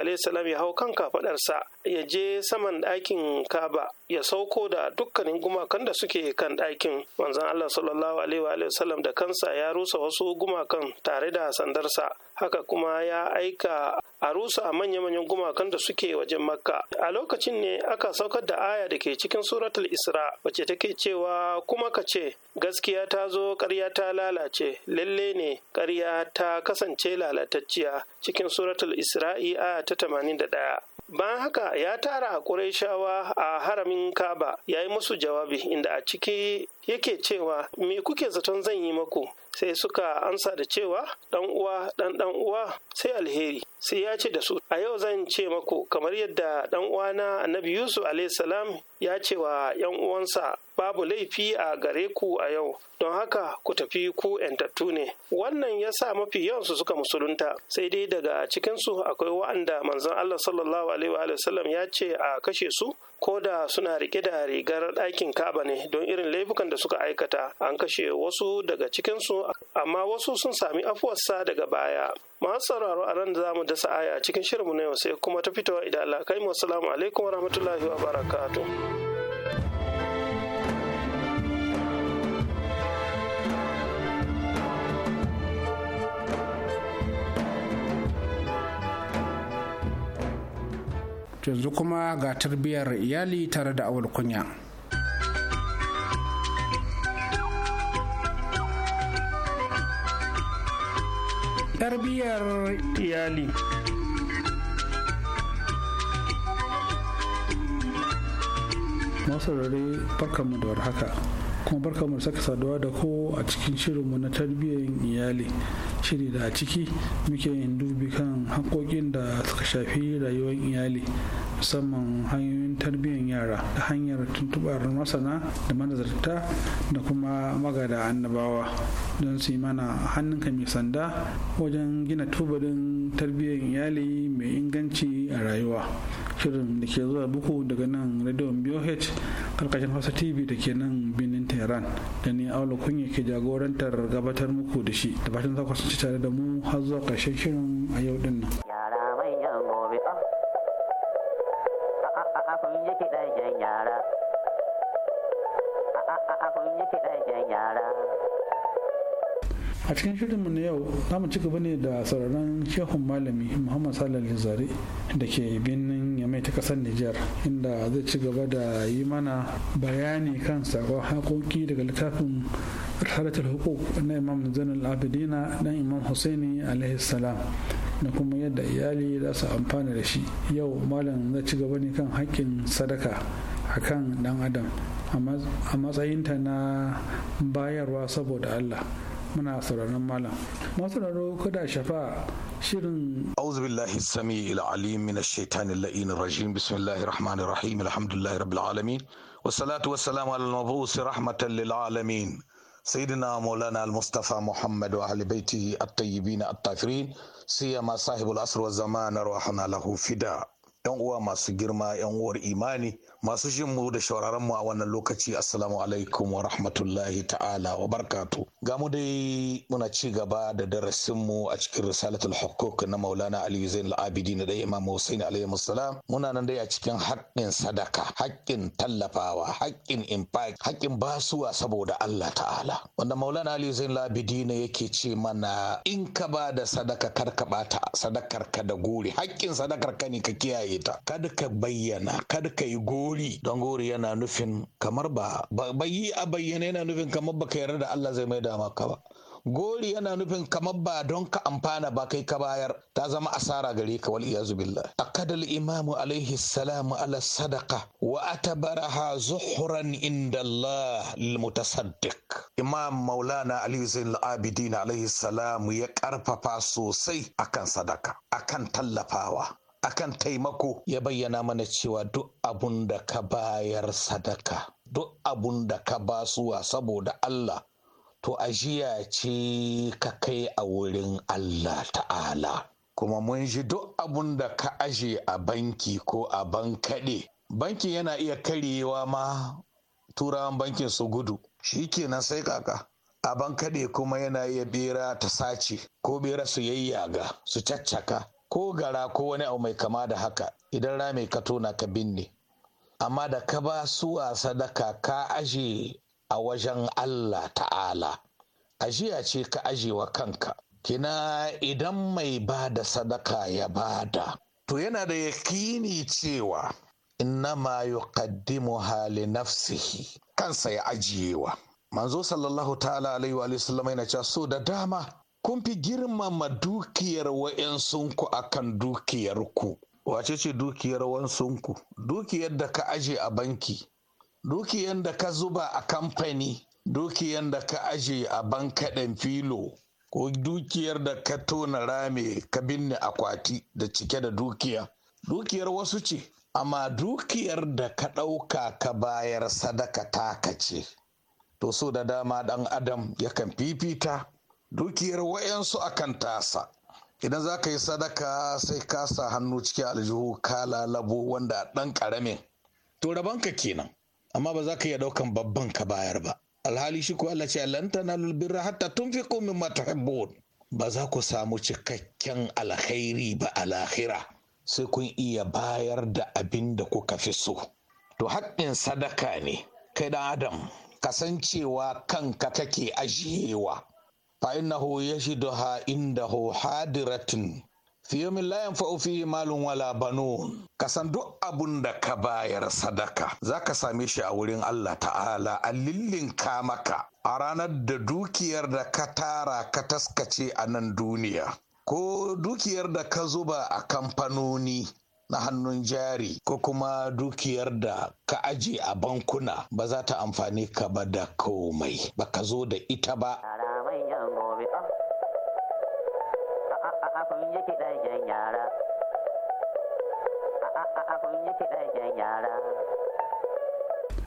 ya hau kan kafaɗarsa ya je saman ɗakin kaba ya sauko da dukkanin gumakan da suke kan ɗakin manzon Allah sallallahu alaihi wa sallam da kansa ya rusa wasu gumakan tare da sandarsa haka kuma ya aika a rusa manya-manyan gumakan da suke wajen makka a lokacin ne aka saukar da aya da ke cikin suratul isra wacce take cewa kuma ka ce gaskiya ta zo karya ta lalace lalle ne ƙarya ta kasance lalatacciya cikin suratul isra'i aya ta 81 bayan haka ya tara a shawa a haramin kaba ya yi musu jawabi inda a ciki yake cewa me kuke zaton zan yi mako?' sai suka amsa da cewa dan uwa dan dan uwa sai alheri sai ya ce da su a yau zan ce maku kamar yadda dan uwana annabi yusuf alaihissalam ya ce wa yan uwansa babu laifi a gare ku a yau don haka ku tafi ku yantattu ne wannan ya sa mafi yawansu suka musulunta sai dai daga cikinsu akwai wa'anda manzon allah sallallahu alaihi wa ya ce a kashe su ko da suna rike da rigar ɗakin kaba ne don irin laifukan da suka aikata an kashe wasu daga cikinsu amma wasu sun sami afuwarsa daga baya masu sauraro a nan za mu dasa aya cikin shirinmu na yau sai kuma ta fitowa idan Allah kai mu assalamu alaikum warahmatullahi wabarakatuh yanzu kuma ga tarbiyyar iyali tare da awal kunya. tarbiyyar iyali masarare barkanmu da warhaka kuma barkanmu saka saduwa da ko a cikin shirinmu na tarbiyyar iyali shiri da a ciki muke yin dubi kan haƙoƙin da suka shafi rayuwar iyali musamman hanyoyin tarbiyyar yara ta hanyar tuntubar masana da manazarta da kuma magada annabawa don su yi mana hannunka mai sanda wajen gina tubalin tarbiyyar iyali mai inganci a rayuwa shirin da ke zuwa buku daga nan radio bioh karkashin hausa tv da ke nan bin tehran da ni aula kunya ke jagorantar gabatar muku da shi da fatan za ku kasance tare da mu har zuwa ƙarshen shirin a yau din nan yara a cikin shirin mu na yau za mu ci gaba ne da sauraron shehun malami muhammad salal zare da ke binin mai ta kasar Nijar inda zai ci gaba da yi mana bayani kan sakon haƙoƙi daga littafin Risalatul Hukuk na Imam Zainul Abidina dan Imam Husaini alaihi na kuma yadda iyali za su amfana da shi yau malam zai ci gaba ne kan haƙƙin sadaka a kan ɗan adam a matsayinta na bayarwa saboda Allah muna sauraron malam masu sauraro kada shafa shirin auzu billahi sami alim min shaitanin la'in rajim bismillahir rahmanir rahim alhamdulillahi rabbil alamin wassalatu wassalamu ala al-mabusi rahmatan lil alamin سيدنا مولانا المصطفى محمد وأهل بيته الطيبين الطاهرين sahibul asr الأسر والزمان روحنا له فداء ‘Yan uwa masu girma, ‘yan uwar imani, masu jin mu da shauraron mu a wannan lokaci, Assalamu alaikum wa rahmatullahi ta'ala wa barkatu. gamu dai muna ci gaba da darasinmu a cikin risalatul hukuk na maulana Ali zain al'abidi na ɗaya imam hussein alayhi musalam muna nan dai a cikin haƙƙin sadaka haƙƙin tallafawa haƙƙin impact haƙƙin basuwa saboda allah ta'ala wanda maulana ali zain al'abidi ne yake ce mana in ka ba da sadaka kar ka bata sadakar ka da gori haƙƙin sadakar ka ne ka kiyaye ta kada ka bayyana kada ka yi gori don gori yana nufin kamar ba bayyi a bayyana yana nufin kamar baka yarda da allah zai mai da ba gori yana nufin kamar ba don ka amfana ba kai ka bayar ta zama asara gare ka wal iyazu billah akadal imamu alaihi salam ala sadaqa wa atabaraha zuhran inda Allah lil mutasaddiq imam maulana ali zain al abidin alaihi salam ya karfafa sosai akan sadaka akan tallafawa akan taimako ya bayyana mana cewa duk abun da ka bayar sadaka duk abun da ka basuwa saboda Allah to ajiya ce ka kai a wurin Allah ta'ala kuma mun ji duk abun da ka aje a banki ko a bankaɗe banki yana iya karyewa ma turawan bankin su gudu shi kenan sai kaka a bankaɗe kuma yana iya bera ta sace ko bera su yayyaga su caccaka ko gara ko wani abu mai kama da haka idan rami ka tona ka binne amma da ka ba su sadaka ka aje a wajen Allah ta'ala ajiya ce ka ajewa kanka kina idan mai ba da sadaka ya bada to yana da yakini cewa innama yuqaddimu hali nafsihi kansa ya ajiyewa manzo sallallahu ta'ala alaihi wa sallam yana cewa so da dama kun fi girmama dukiyar wa'yansunku akan dukiyarku wace ce dukiyar wansunku dukiyar da ka aje a banki dukiyan da ka zuba a kamfani dukiyan da ka aje a bankaɗen filo ko dukiyar da ka tona rame ka binne akwati da cike da dukiya dukiyar wasu ce amma dukiyar da ka ɗauka ka bayar sadaka taka ce to so da dama ɗan adam yakan fifita dukiyar wayansu akan tasa idan za ka yi sadaka sai ka sa hannu cikin aljihu ka lalabo wanda ɗan ƙaramin to rabanka kenan amma ba za ka iya ɗaukan babban ka bayar ba alhali shi ko Allah ce lan na birra hatta tunfiqu mimma tuhibbun ba za ku samu cikakken alkhairi ba a lahira sai kun iya bayar da abin da kuka fi so to haƙƙin sadaka ne kai ɗan adam kasancewa kanka kake ajiyewa fa innahu yashiduha indahu hadiratin fiyomin layan fa'ofi malun wala banun kasan duk abun da ka bayar sadaka za ka same shi a wurin allah ta'ala a lillinka maka a ranar da dukiyar da ka tara ka taskace a nan duniya ko dukiyar da ka zuba a kamfanoni na hannun jari ko kuma dukiyar da ka aje a bankuna ba za ta amfani ka ba da komai ba ka zo da ita ba akun yi yara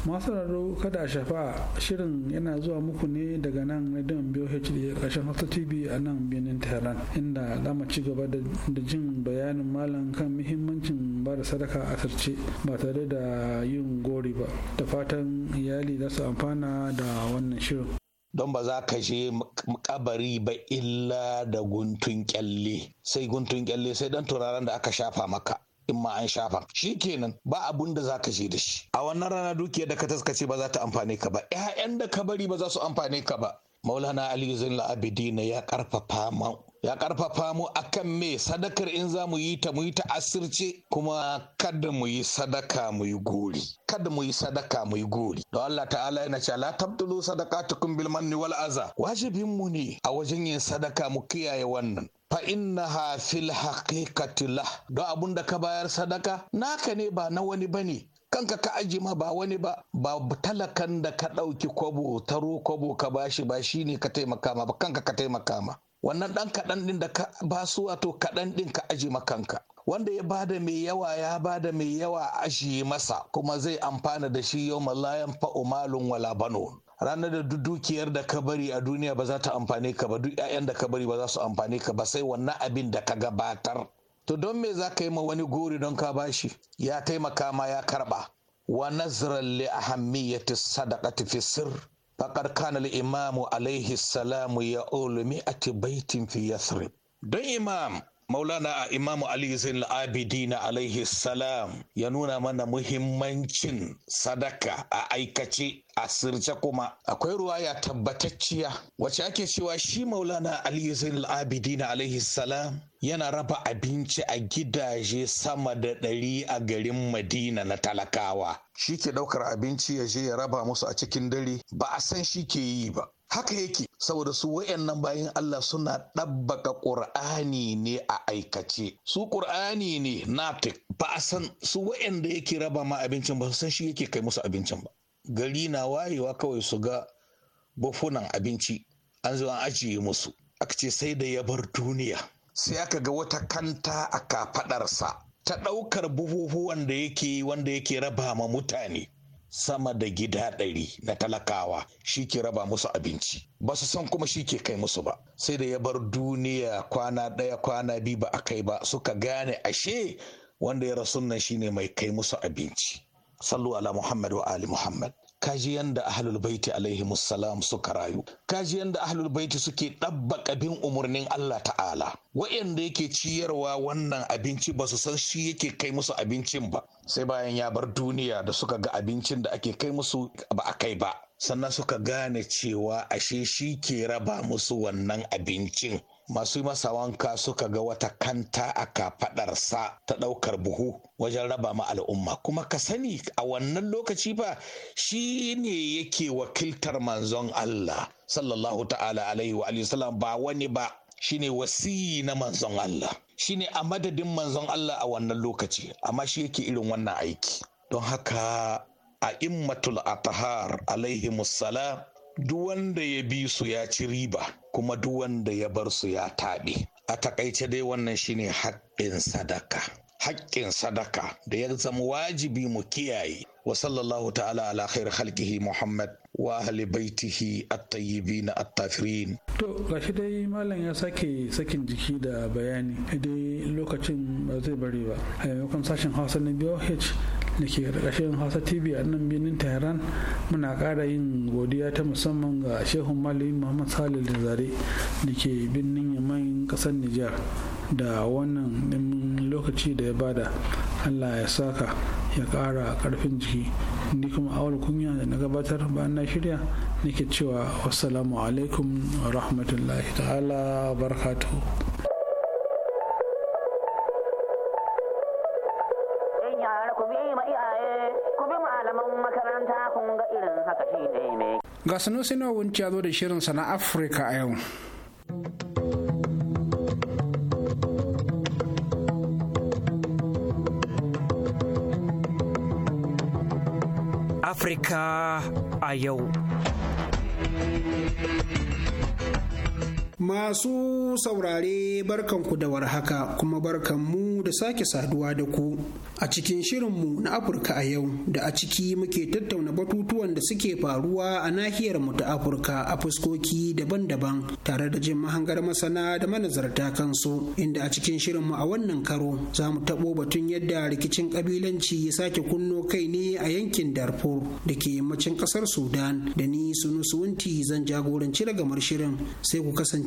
masu raro kada a shafa shirin yana zuwa muku ne daga nan radion BOH da ƙarshen Hausa TV a nan birnin Tehran inda za ci gaba da jin bayanin malam kan muhimmancin ba da sadaka a sarce ba tare da yin gori ba da fatan iyali za su amfana da wannan shirin. don ba za ka je kabari ba illa da guntun kyalle sai guntun kyalle sai dan turaren da aka shafa maka in ma an shafa shi kenan ba abun da za ka je da shi a wannan rana dukiyar da ka taskace ba za ta amfane ka ba 'ya'yan da ka bari ba za su amfane ka ba maulana ali zin abidina ya karfafa ya karfafa mu akan me sadakar in za mu yi ta mu yi ta asirce kuma kada mu yi sadaka mu yi gori kada mu yi sadaka mu yi gori don Allah ta'ala yana cewa la tabdulu sadaqatukum bil manni wal aza wajibin mu ne a wajen yin sadaka mu kiyaye wannan fa ha fil haqiqati la don abun da ka bayar sadaka naka ne ba na wani bane kanka ka aji ma ba wani ba ba talakan da ka ɗauki kwabo taro kwabo ka bashi ba shine ka taimaka ma ba kanka ka taimaka ma wannan ɗan kaɗan ɗin da ka ba su wato kaɗan ɗin ka aji makanka wanda ya ba da mai yawa ya ba da mai yawa aji masa kuma zai amfana da shi yau mallayan fa'umalun wala bano ranar da duk dukiyar da ka bari a duniya ba za ta amfane ka ba duk 'ya'yan da ka bari ba za su amfane ka ba sai wannan abin da ka gabatar to don me za ka yi ma wani gori don ka bashi ya taimaka ma ya karba wa nazarar li ahammiyati sadaqati fi sirr فقد كان الإمام عليه السلام يقول مئة بيت في يثرب ده إمام maulana a imamu ali zain abidina alaihi salam ya nuna mana muhimmancin sadaka a aikace a sirce kuma akwai ruwaya tabbatacciya wacce ake cewa shi maulana ali zain abidina alaihi salam yana raba abinci a gidaje sama da ɗari a garin madina na talakawa shi ke ɗaukar abinci ya je ya raba musu a cikin dare ba a san shi ke yi ba haka yake saboda su wayannan bayan Allah suna ɗabbaka ƙur'ani ne a aikace su ƙur'ani ne natik ba a san su wayanda yake raba ma abincin ba su san shi yake kai musu abincin ba gari na wayewa kawai su ga bufunan abinci an zo an ajiye musu aka ce sai da ya bar duniya sai aka ga wata kanta a kafadarsa ta ɗaukar buhuhuwan da yake wanda yake raba ma mutane sama da gida ɗari na talakawa shi ke raba musu abinci ba su san kuma shi ke kai musu ba sai da ya bar duniya kwana ɗaya kwana biyu ba a kai ba suka gane ashe wanda ya rasu nan shine mai kai musu abinci sallu ala muhammad wa ali muhammad kaji yanda ahlul baiti alaihi musallam suka rayu kaji yanda ahlul baiti suke ɗabbaƙa bin umarnin Allah ta'ala wa'anda yake ciyarwa wannan abinci ba su san shi yake kai musu abincin ba sai bayan ya bar duniya da suka ga abincin da ake kai musu ba a kai ba sannan suka gane cewa ashe shi ke raba musu wannan abincin masu masa wanka suka ga wata kanta a kafadarsa ta ɗaukar buhu wajen raba ma al'umma kuma ka sani a wannan lokaci ba shi ne yake wakiltar manzon Allah sallallahu ta'ala alaihi wa sallam ba wani ba shine wasi na manzon Allah shine a madadin manzon Allah a wannan lokaci amma shi yake irin wannan aiki don haka a immatul atahar alaihi musala duk wanda ya bi su ya ci riba kuma duk wanda ya bar su ya taɓe a takaice dai wannan shine haƙƙin sadaka haƙƙin sadaka da ya zama wajibi mu kiyaye wa sallallahu ta'ala ala khair khalqihi muhammad wa ahli baitihi at-tayyibin at-tafirin to gashi dai malam ya sake sakin jiki da bayani dai lokacin ba zai bari ba a maimakon sashen hausa na H. da ke ƙarƙashin hausa tv a nan birnin tehran muna ƙara yin godiya ta musamman ga shehun mali muhammad salil da zare da ke birnin yamayin ƙasar nijar da wannan ɗimin lokaci da ya bada allah ya saka ya ƙara ƙarfin jiki ni kuma awal kunya da na gabatar bayan na shirya nake cewa wassalamu alaikum wa rahmatullahi ta'ala barakatuhu ga sanusi na wunci ya zo da shirinsa na afirka a yau afirka a yau Masu saurare barkanku da warhaka kuma barkanmu da sake saduwa da ku a cikin shirinmu na Afirka a yau da a ciki muke tattauna batutuwan da suke faruwa a nahiyar mu ta Afirka a fuskoki daban-daban tare da jin mahangar masana da manazarta kansu inda a cikin shirinmu a wannan karo za mu taɓo batun yadda rikicin kabilanci ya sake kunno kai ne a yankin Darfur da ke yammacin ƙasar Sudan da ni Sunusuwunti zan jagoranci ragamar shirin sai ku kasance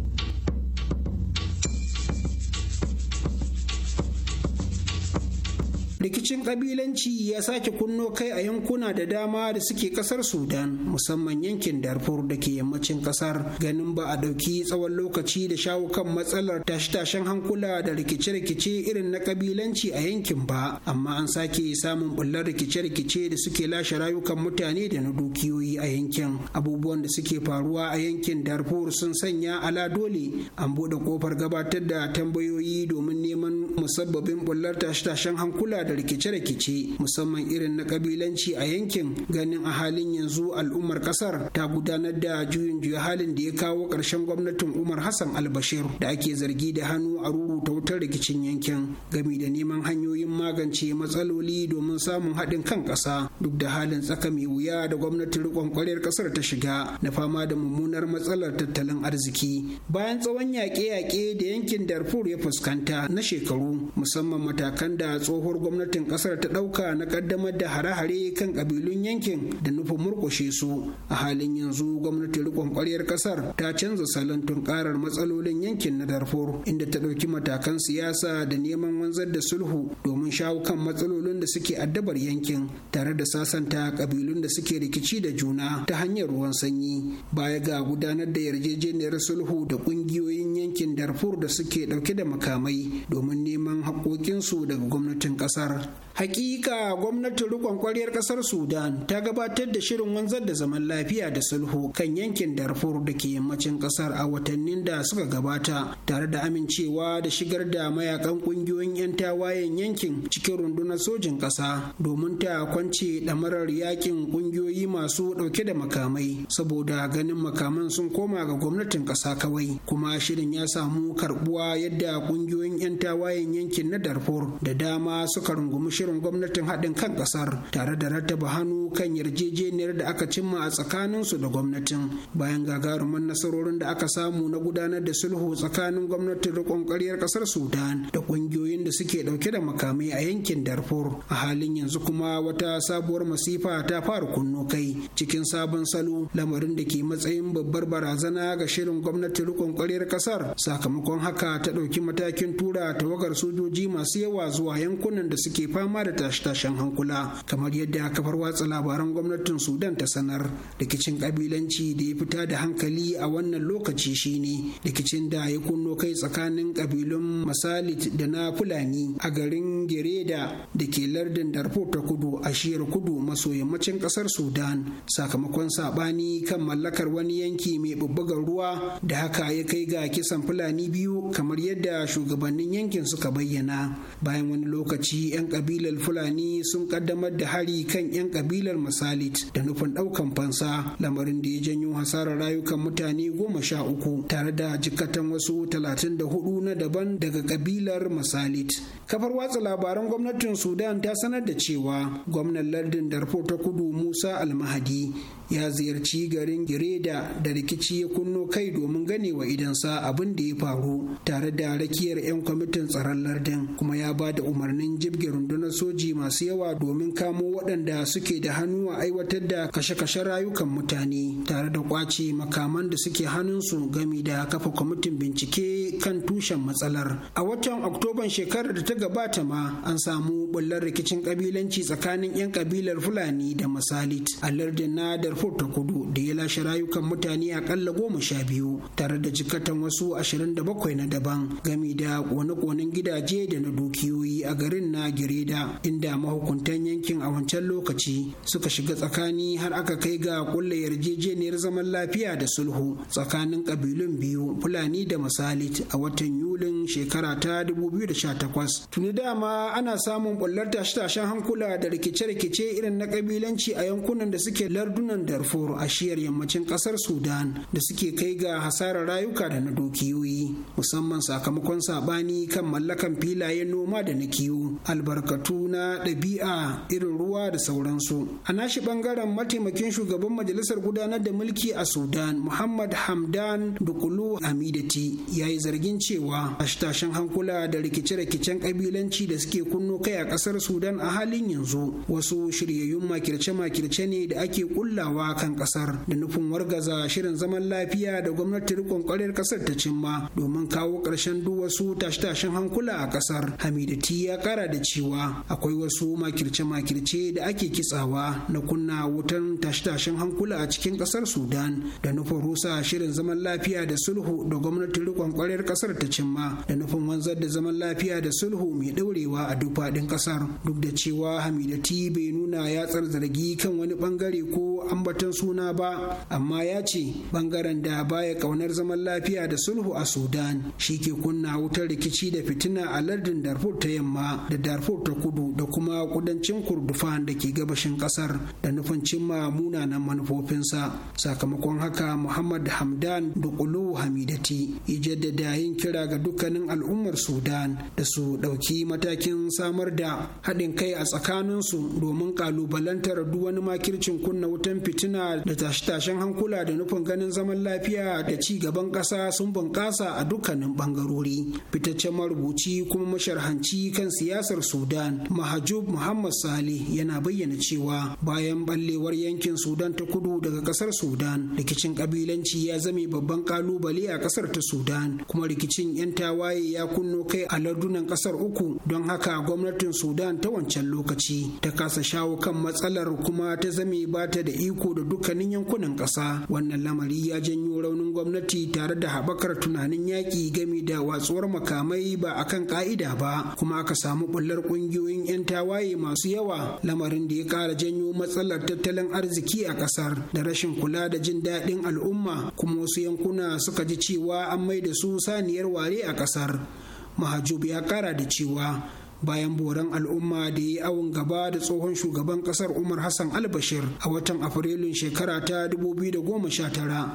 rikicin kabilanci ya sake kunno kai a yankuna da dama da suke kasar sudan musamman yankin darfur da ke yammacin kasar ganin ba a ɗauki tsawon lokaci da shawo kan matsalar tashe-tashen hankula da rikice-rikice irin na kabilanci a yankin ba amma an sake samun bullar rikice-rikice da suke lashe rayukan mutane da na dukiyoyi a yankin abubuwan da suke faruwa a yankin darfur sun sanya ala dole an buɗe kofar gabatar da tambayoyi domin neman musabbabin bullar tashe-tashen hankula da da rikice-rikice musamman irin na kabilanci a yankin ganin a halin yanzu al'ummar kasar ta gudanar da juyin juya halin da ya kawo ƙarshen gwamnatin umar hassan albashir da ake zargi da hannu a rubuta wutar rikicin yankin gami da neman hanyoyin magance matsaloli domin samun haɗin kan ƙasa duk da halin tsaka mai wuya da gwamnatin riƙon ƙwarar ƙasar ta shiga na fama da mummunar matsalar tattalin arziki bayan tsawon yaƙe-yaƙe da yankin darfur ya fuskanta na shekaru musamman matakan da tsohuwar gwamnati gwamnatin kasar ta ɗauka na ƙaddamar da hare-hare kan ƙabilun yankin da nufin murkushe su a halin yanzu gwamnatin rikon ƙwaryar kasar ta canza salon tunkarar matsalolin yankin na darfur inda ta ɗauki matakan siyasa da neman wanzar da sulhu domin shawo kan matsalolin da suke addabar yankin tare da sasanta ƙabilun da suke rikici da juna ta hanyar ruwan sanyi baya ga gudanar da yarjejeniyar sulhu da ƙungiyoyin yankin darfur da suke ɗauke da makamai domin neman haƙoƙinsu daga gwamnatin ƙasar kasar Hakika gwamnatin rikon kwariyar kasar Sudan ta gabatar da shirin wanzar da zaman lafiya da sulhu kan yankin Darfur da ke yammacin kasar a watannin da suka gabata tare da amincewa da shigar da mayakan kungiyoyin 'yan tawayen yankin cikin rundunar sojin kasa domin ta kwance ɗamarar yakin kungiyoyi masu dauke da makamai saboda ganin makaman sun koma ga gwamnatin kasa kawai kuma shirin ya samu karbuwa yadda kungiyoyin 'yan tawayen yankin na Darfur da dama suka rungumi shirin gwamnatin haɗin kan ƙasar tare da rattaba hannu kan yarjejeniyar da aka cimma a tsakanin su da gwamnatin bayan gagarumin nasarorin da aka samu na gudanar da sulhu tsakanin gwamnatin riƙon ƙaryar ƙasar sudan da ƙungiyoyin da suke ɗauke da makamai a yankin darfur a halin yanzu kuma wata sabuwar masifa ta fara kunno kai cikin sabon salo lamarin da ke matsayin babbar barazana ga shirin gwamnatin riƙon ƙaryar ƙasar sakamakon haka ta ɗauki matakin tura tawagar sojoji masu yawa zuwa yankunan da suke suke fama da tashe-tashen hankula kamar yadda kafar watsa labaran gwamnatin sudan ta sanar rikicin kabilanci da ya fita da hankali a wannan lokaci shine rikicin da ya kunno kai tsakanin kabilun masalit da na fulani a garin gereda da ke lardin darfur ta kudu a shiyar kudu maso yammacin kasar sudan sakamakon sabani kan mallakar wani yanki mai bubbugar ruwa da haka ya kai ga kisan fulani biyu kamar yadda shugabannin yankin suka bayyana bayan wani lokaci 'yan kabilar fulani sun kaddamar da hari kan 'yan kabilar masalit da nufin ɗaukan fansa lamarin da ya janyo hasarar rayukan mutane goma sha uku tare da jikatan wasu talatin da hudu na daban daga kabilar masalit kafar watsa labaran gwamnatin sudan ta sanar da cewa gwamnan lardin darfur ta kudu musa almahadi ya ziyarci garin gireda da rikici ya kunno kai domin ganewa idansa abin da ya faru tare da rakiyar 'yan kwamitin tsaron lardin kuma ya ba da umarnin jibge rundunar soji masu yawa domin kamo waɗanda suke da hannu a aiwatar da kashe-kashe rayukan mutane tare da kwace makaman da suke hannunsu gami da kafa kwamitin bincike kan tushen matsalar a watan oktoban shekarar da ta gabata ma an samu bullar rikicin kabilanci tsakanin 'yan kabilar fulani da masalit a lardin na dar darfur ta kudu da ya lashe rayukan mutane akalla goma sha biyu tare da jikatan wasu ashirin da bakwai na daban gami da kone-konen gidaje da na dukiyoyi a garin na gireda inda mahukuntan yankin a wancan lokaci suka shiga tsakani har aka kai ga kulle yarjejeniyar zaman lafiya da sulhu tsakanin kabilun biyu fulani da masalit a watan yulin shekara ta takwas. tuni dama ana samun bullar tashe-tashen hankula da rikice-rikice irin na kabilanci a yankunan da suke lardunan da darfur a shiyar yammacin kasar sudan da suke kai ga hasarar rayuka da na dukiyoyi musamman sakamakon sabani kan mallakan filayen noma da na kiwo albarkatu na ɗabi'a irin ruwa da sauransu a nashi bangaren mataimakin shugaban majalisar gudanar da mulki a sudan muhammad hamdan dukulu hamidati ya yi zargin cewa tashen hankula da rikice-rikicen kabilanci da suke kunno kai a kasar sudan a halin yanzu wasu shiryayyun makirce-makirce ne da ake kullawa tunawa kan kasar da nufin wargaza shirin zaman lafiya da gwamnati rikon kwarar kasar ta cimma domin kawo ƙarshen duk wasu tashe-tashen hankula a kasar hamidati ya kara da cewa akwai wasu makirce-makirce da ake kitsawa na kunna wutan tashe-tashen hankula a cikin kasar sudan da nufin rusa shirin zaman lafiya da sulhu da gwamnati rikon kwarar kasar ta cimma da nufin wanzar da zaman lafiya da sulhu mai ɗaurewa a duk faɗin kasar duk da cewa hamidati bai nuna yatsar zargi kan wani bangare ko ambaton suna ba amma ya ce bangaren da baya kaunar zaman lafiya da sulhu a sudan shi ke kunna wutar rikici da fitina a lardin darfur ta yamma da darfur ta kudu da kuma kudancin kurdufan da ke gabashin kasar da nufin cimma munanan manufofinsa sakamakon haka muhammad hamdan da hamidati ya jaddada yin kira ga dukkanin al'ummar sudan da su ɗauki matakin samar da haɗin kai a tsakaninsu domin ƙalubalantar duk wani makircin kunna wutan fitina da tashe-tashen hankula da nufin ganin zaman lafiya da ci gaban ƙasa sun bunƙasa a dukkanin ɓangarori. Fitaccen marubuci kuma masharhanci kan siyasar Sudan, Mahajub Muhammad Saleh yana bayyana cewa bayan ballewar yankin Sudan ta kudu daga ƙasar Sudan, rikicin ƙabilanci ya zame babban ƙalubale a ƙasar ta Sudan, kuma rikicin 'yan tawaye ya kunno kai a lardunan ƙasar uku don haka gwamnatin Sudan ta wancan lokaci ta kasa shawo kan matsalar kuma ta zame ba ta da iko iko da dukkanin yankunan ƙasa wannan lamari ya janyo raunin gwamnati tare da haɓakar tunanin yaƙi game da watsuwar makamai ba a kan ƙa'ida ba kuma aka samu ɓullar ƙungiyoyin 'yan tawaye masu yawa lamarin da ya ƙara janyo matsalar tattalin arziki a ƙasar da rashin kula da jin daɗin al'umma kuma wasu yankuna suka ji cewa an mai da su saniyar ware a ƙasar mahajub ya ƙara da cewa bayan boran al'umma da ya yi awon gaba da tsohon shugaban kasar umar hassan albashir a watan afrilun shekara ta 2019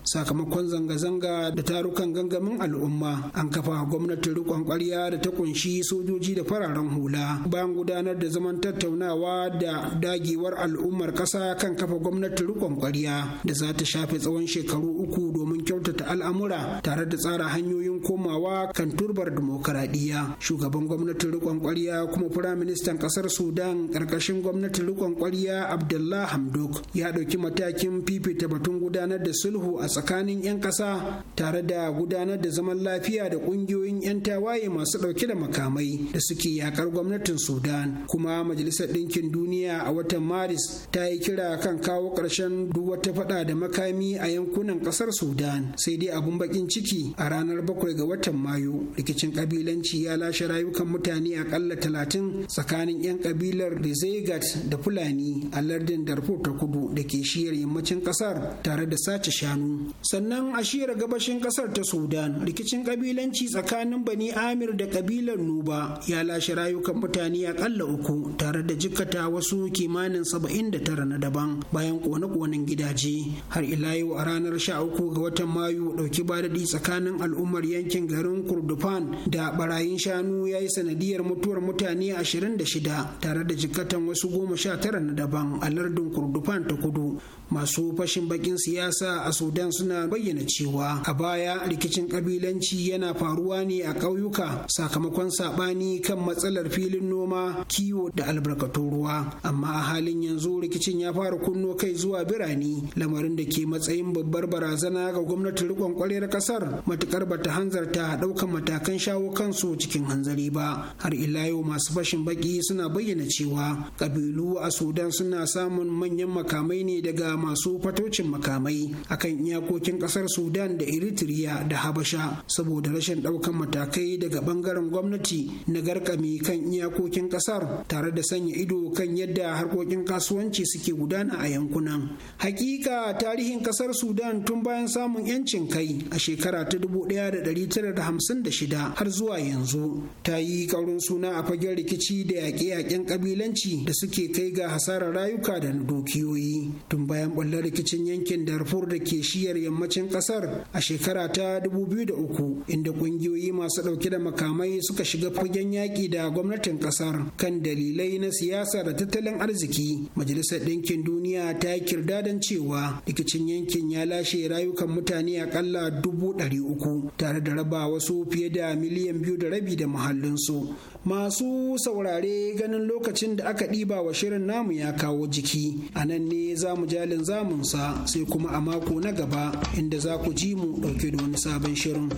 sakamakon zanga-zanga da tarukan gangamin al'umma an kafa gwamnatin rikon kwarya da ta kunshi sojoji da fararen hula bayan gudanar da zaman tattaunawa da dagewar al'ummar kasa kan kafa gwamnatin rikon kwarya da za ta shafe tsawon shekaru uku domin kyautata al'amura tare da tsara hanyoyin komawa kan turbar dimokuraɗiyya shugaban gwamnatin rikon kwarya da kuma firaministan ƙasar sudan ƙarƙashin gwamnatin rikon ƙwarya abdullah hamdok ya ɗauki matakin fifita batun gudanar da sulhu a tsakanin 'yan ƙasa tare da gudanar da zaman lafiya da ƙungiyoyin 'yan tawaye masu ɗauke da makamai da suke yakar gwamnatin sudan kuma majalisar ɗinkin duniya a watan maris ta yi kira kan kawo ƙarshen duk wata faɗa da makami a yankunan ƙasar sudan sai dai abun bakin ciki a ranar bakwai ga watan mayu rikicin ƙabilanci ya lashe rayukan mutane a akalla talatin tsakanin 'yan kabilar Rizegat da Fulani a lardin Darfur ta kudu da ke shiyar yammacin kasar tare da sace shanu. Sannan a shiyar gabashin kasar ta Sudan rikicin kabilanci tsakanin Bani Amir da kabilar Nuba ya lashe rayukan mutane akalla uku tare da jikata wasu kimanin saba'in da tara na daban bayan kone-konen gidaje har ila yau a ranar sha uku ga watan Mayu dauki badadi tsakanin al'ummar yankin garin Kurdufan da barayin shanu ya yi sanadiyar mutuwar mutane 26 tare da jikatan wasu goma sha tara na daban a lardin kurdufan ta kudu masu fashin bakin siyasa a sudan suna bayyana cewa a baya rikicin kabilanci yana faruwa ne a ƙauyuka sakamakon saɓani kan matsalar filin noma kiwo da albarkatun ruwa amma a halin yanzu rikicin ya fara kunno kai zuwa birane lamarin da ke matsayin babbar barazana ga gwamnatin rikon kwarar ƙasar matukar bata hanzarta ɗaukan matakan shawo kansu cikin hanzari ba har ila yau yau masu fashin baki suna bayyana cewa kabilu a Sudan suna samun manyan makamai ne daga masu fatocin makamai akan iyakokin kasar Sudan da Eritrea da Habasha saboda rashin daukan matakai daga bangaren gwamnati na garkami kan iyakokin kasar tare da sanya ido kan yadda harkokin kasuwanci suke gudana a yankunan. Hakika tarihin kasar Sudan tun bayan samun 'yancin kai a shekara ta 1956 har zuwa yanzu ta yi kaurin suna a fagen rikici da yaƙe-yaƙen ƙabilanci da suke kai ga hasarar rayuka da dukiyoyi tun bayan ɓallar rikicin yankin darfur da ke shiyar yammacin ƙasar a shekara ta 2003 inda ƙungiyoyi masu ɗauke da makamai suka shiga fagen yaƙi da gwamnatin ƙasar kan dalilai na siyasa da tattalin arziki majalisar ɗinkin duniya ta yi kirdadan cewa rikicin yankin ya lashe rayukan mutane aƙalla dubu ɗari uku tare da raba wasu fiye da miliyan biyu da rabi da muhallinsu masu masu saurare ganin lokacin da aka ɗiba wa shirin namu ya kawo jiki a nan ne za mu jalin zamunsa sai kuma a mako na gaba inda za ku ji mu ɗauke da wani sabon shirin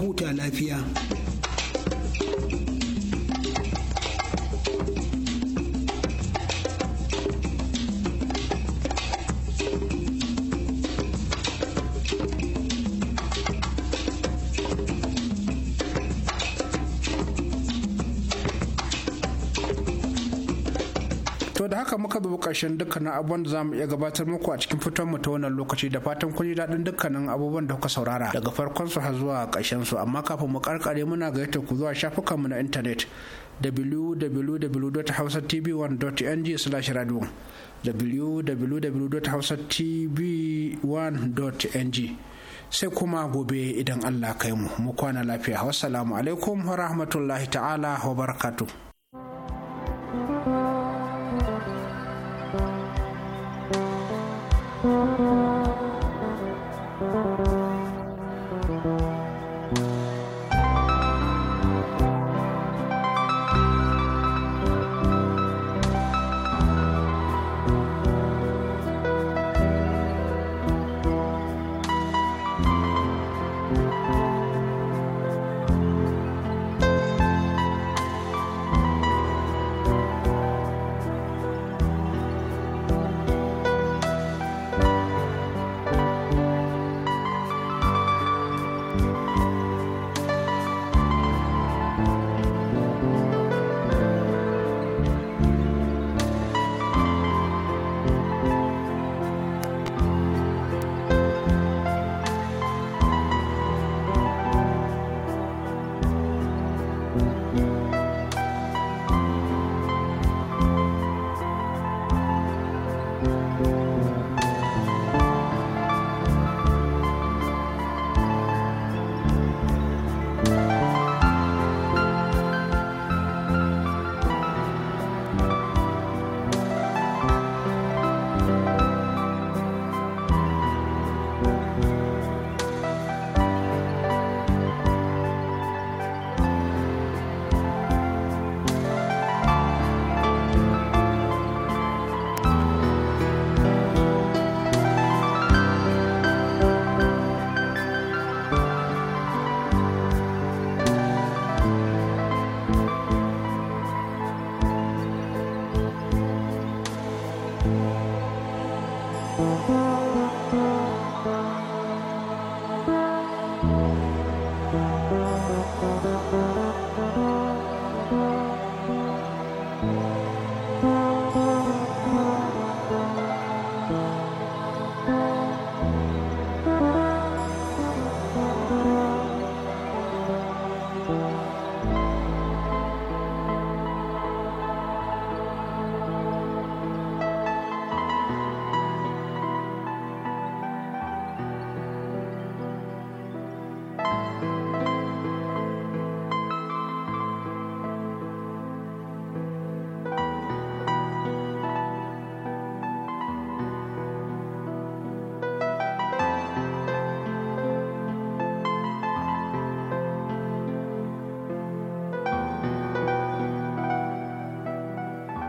huta lafiya. haka muka zo ƙarshen dukkanin abubuwan da zamu iya gabatar muku a cikin fiton mu ta wannan lokaci da fatan kun ji daɗin dukkanin abubuwan da kuka saurara daga farkon su har zuwa karshen su amma kafin mu karkare muna gayyata ku zuwa shafukan mu na intanet www.hausatv1.ng/radio www.hausatv1.ng sai kuma gobe idan Allah kai mu mu kwana lafiya wassalamu alaikum wa rahmatullahi ta'ala wa barakatuh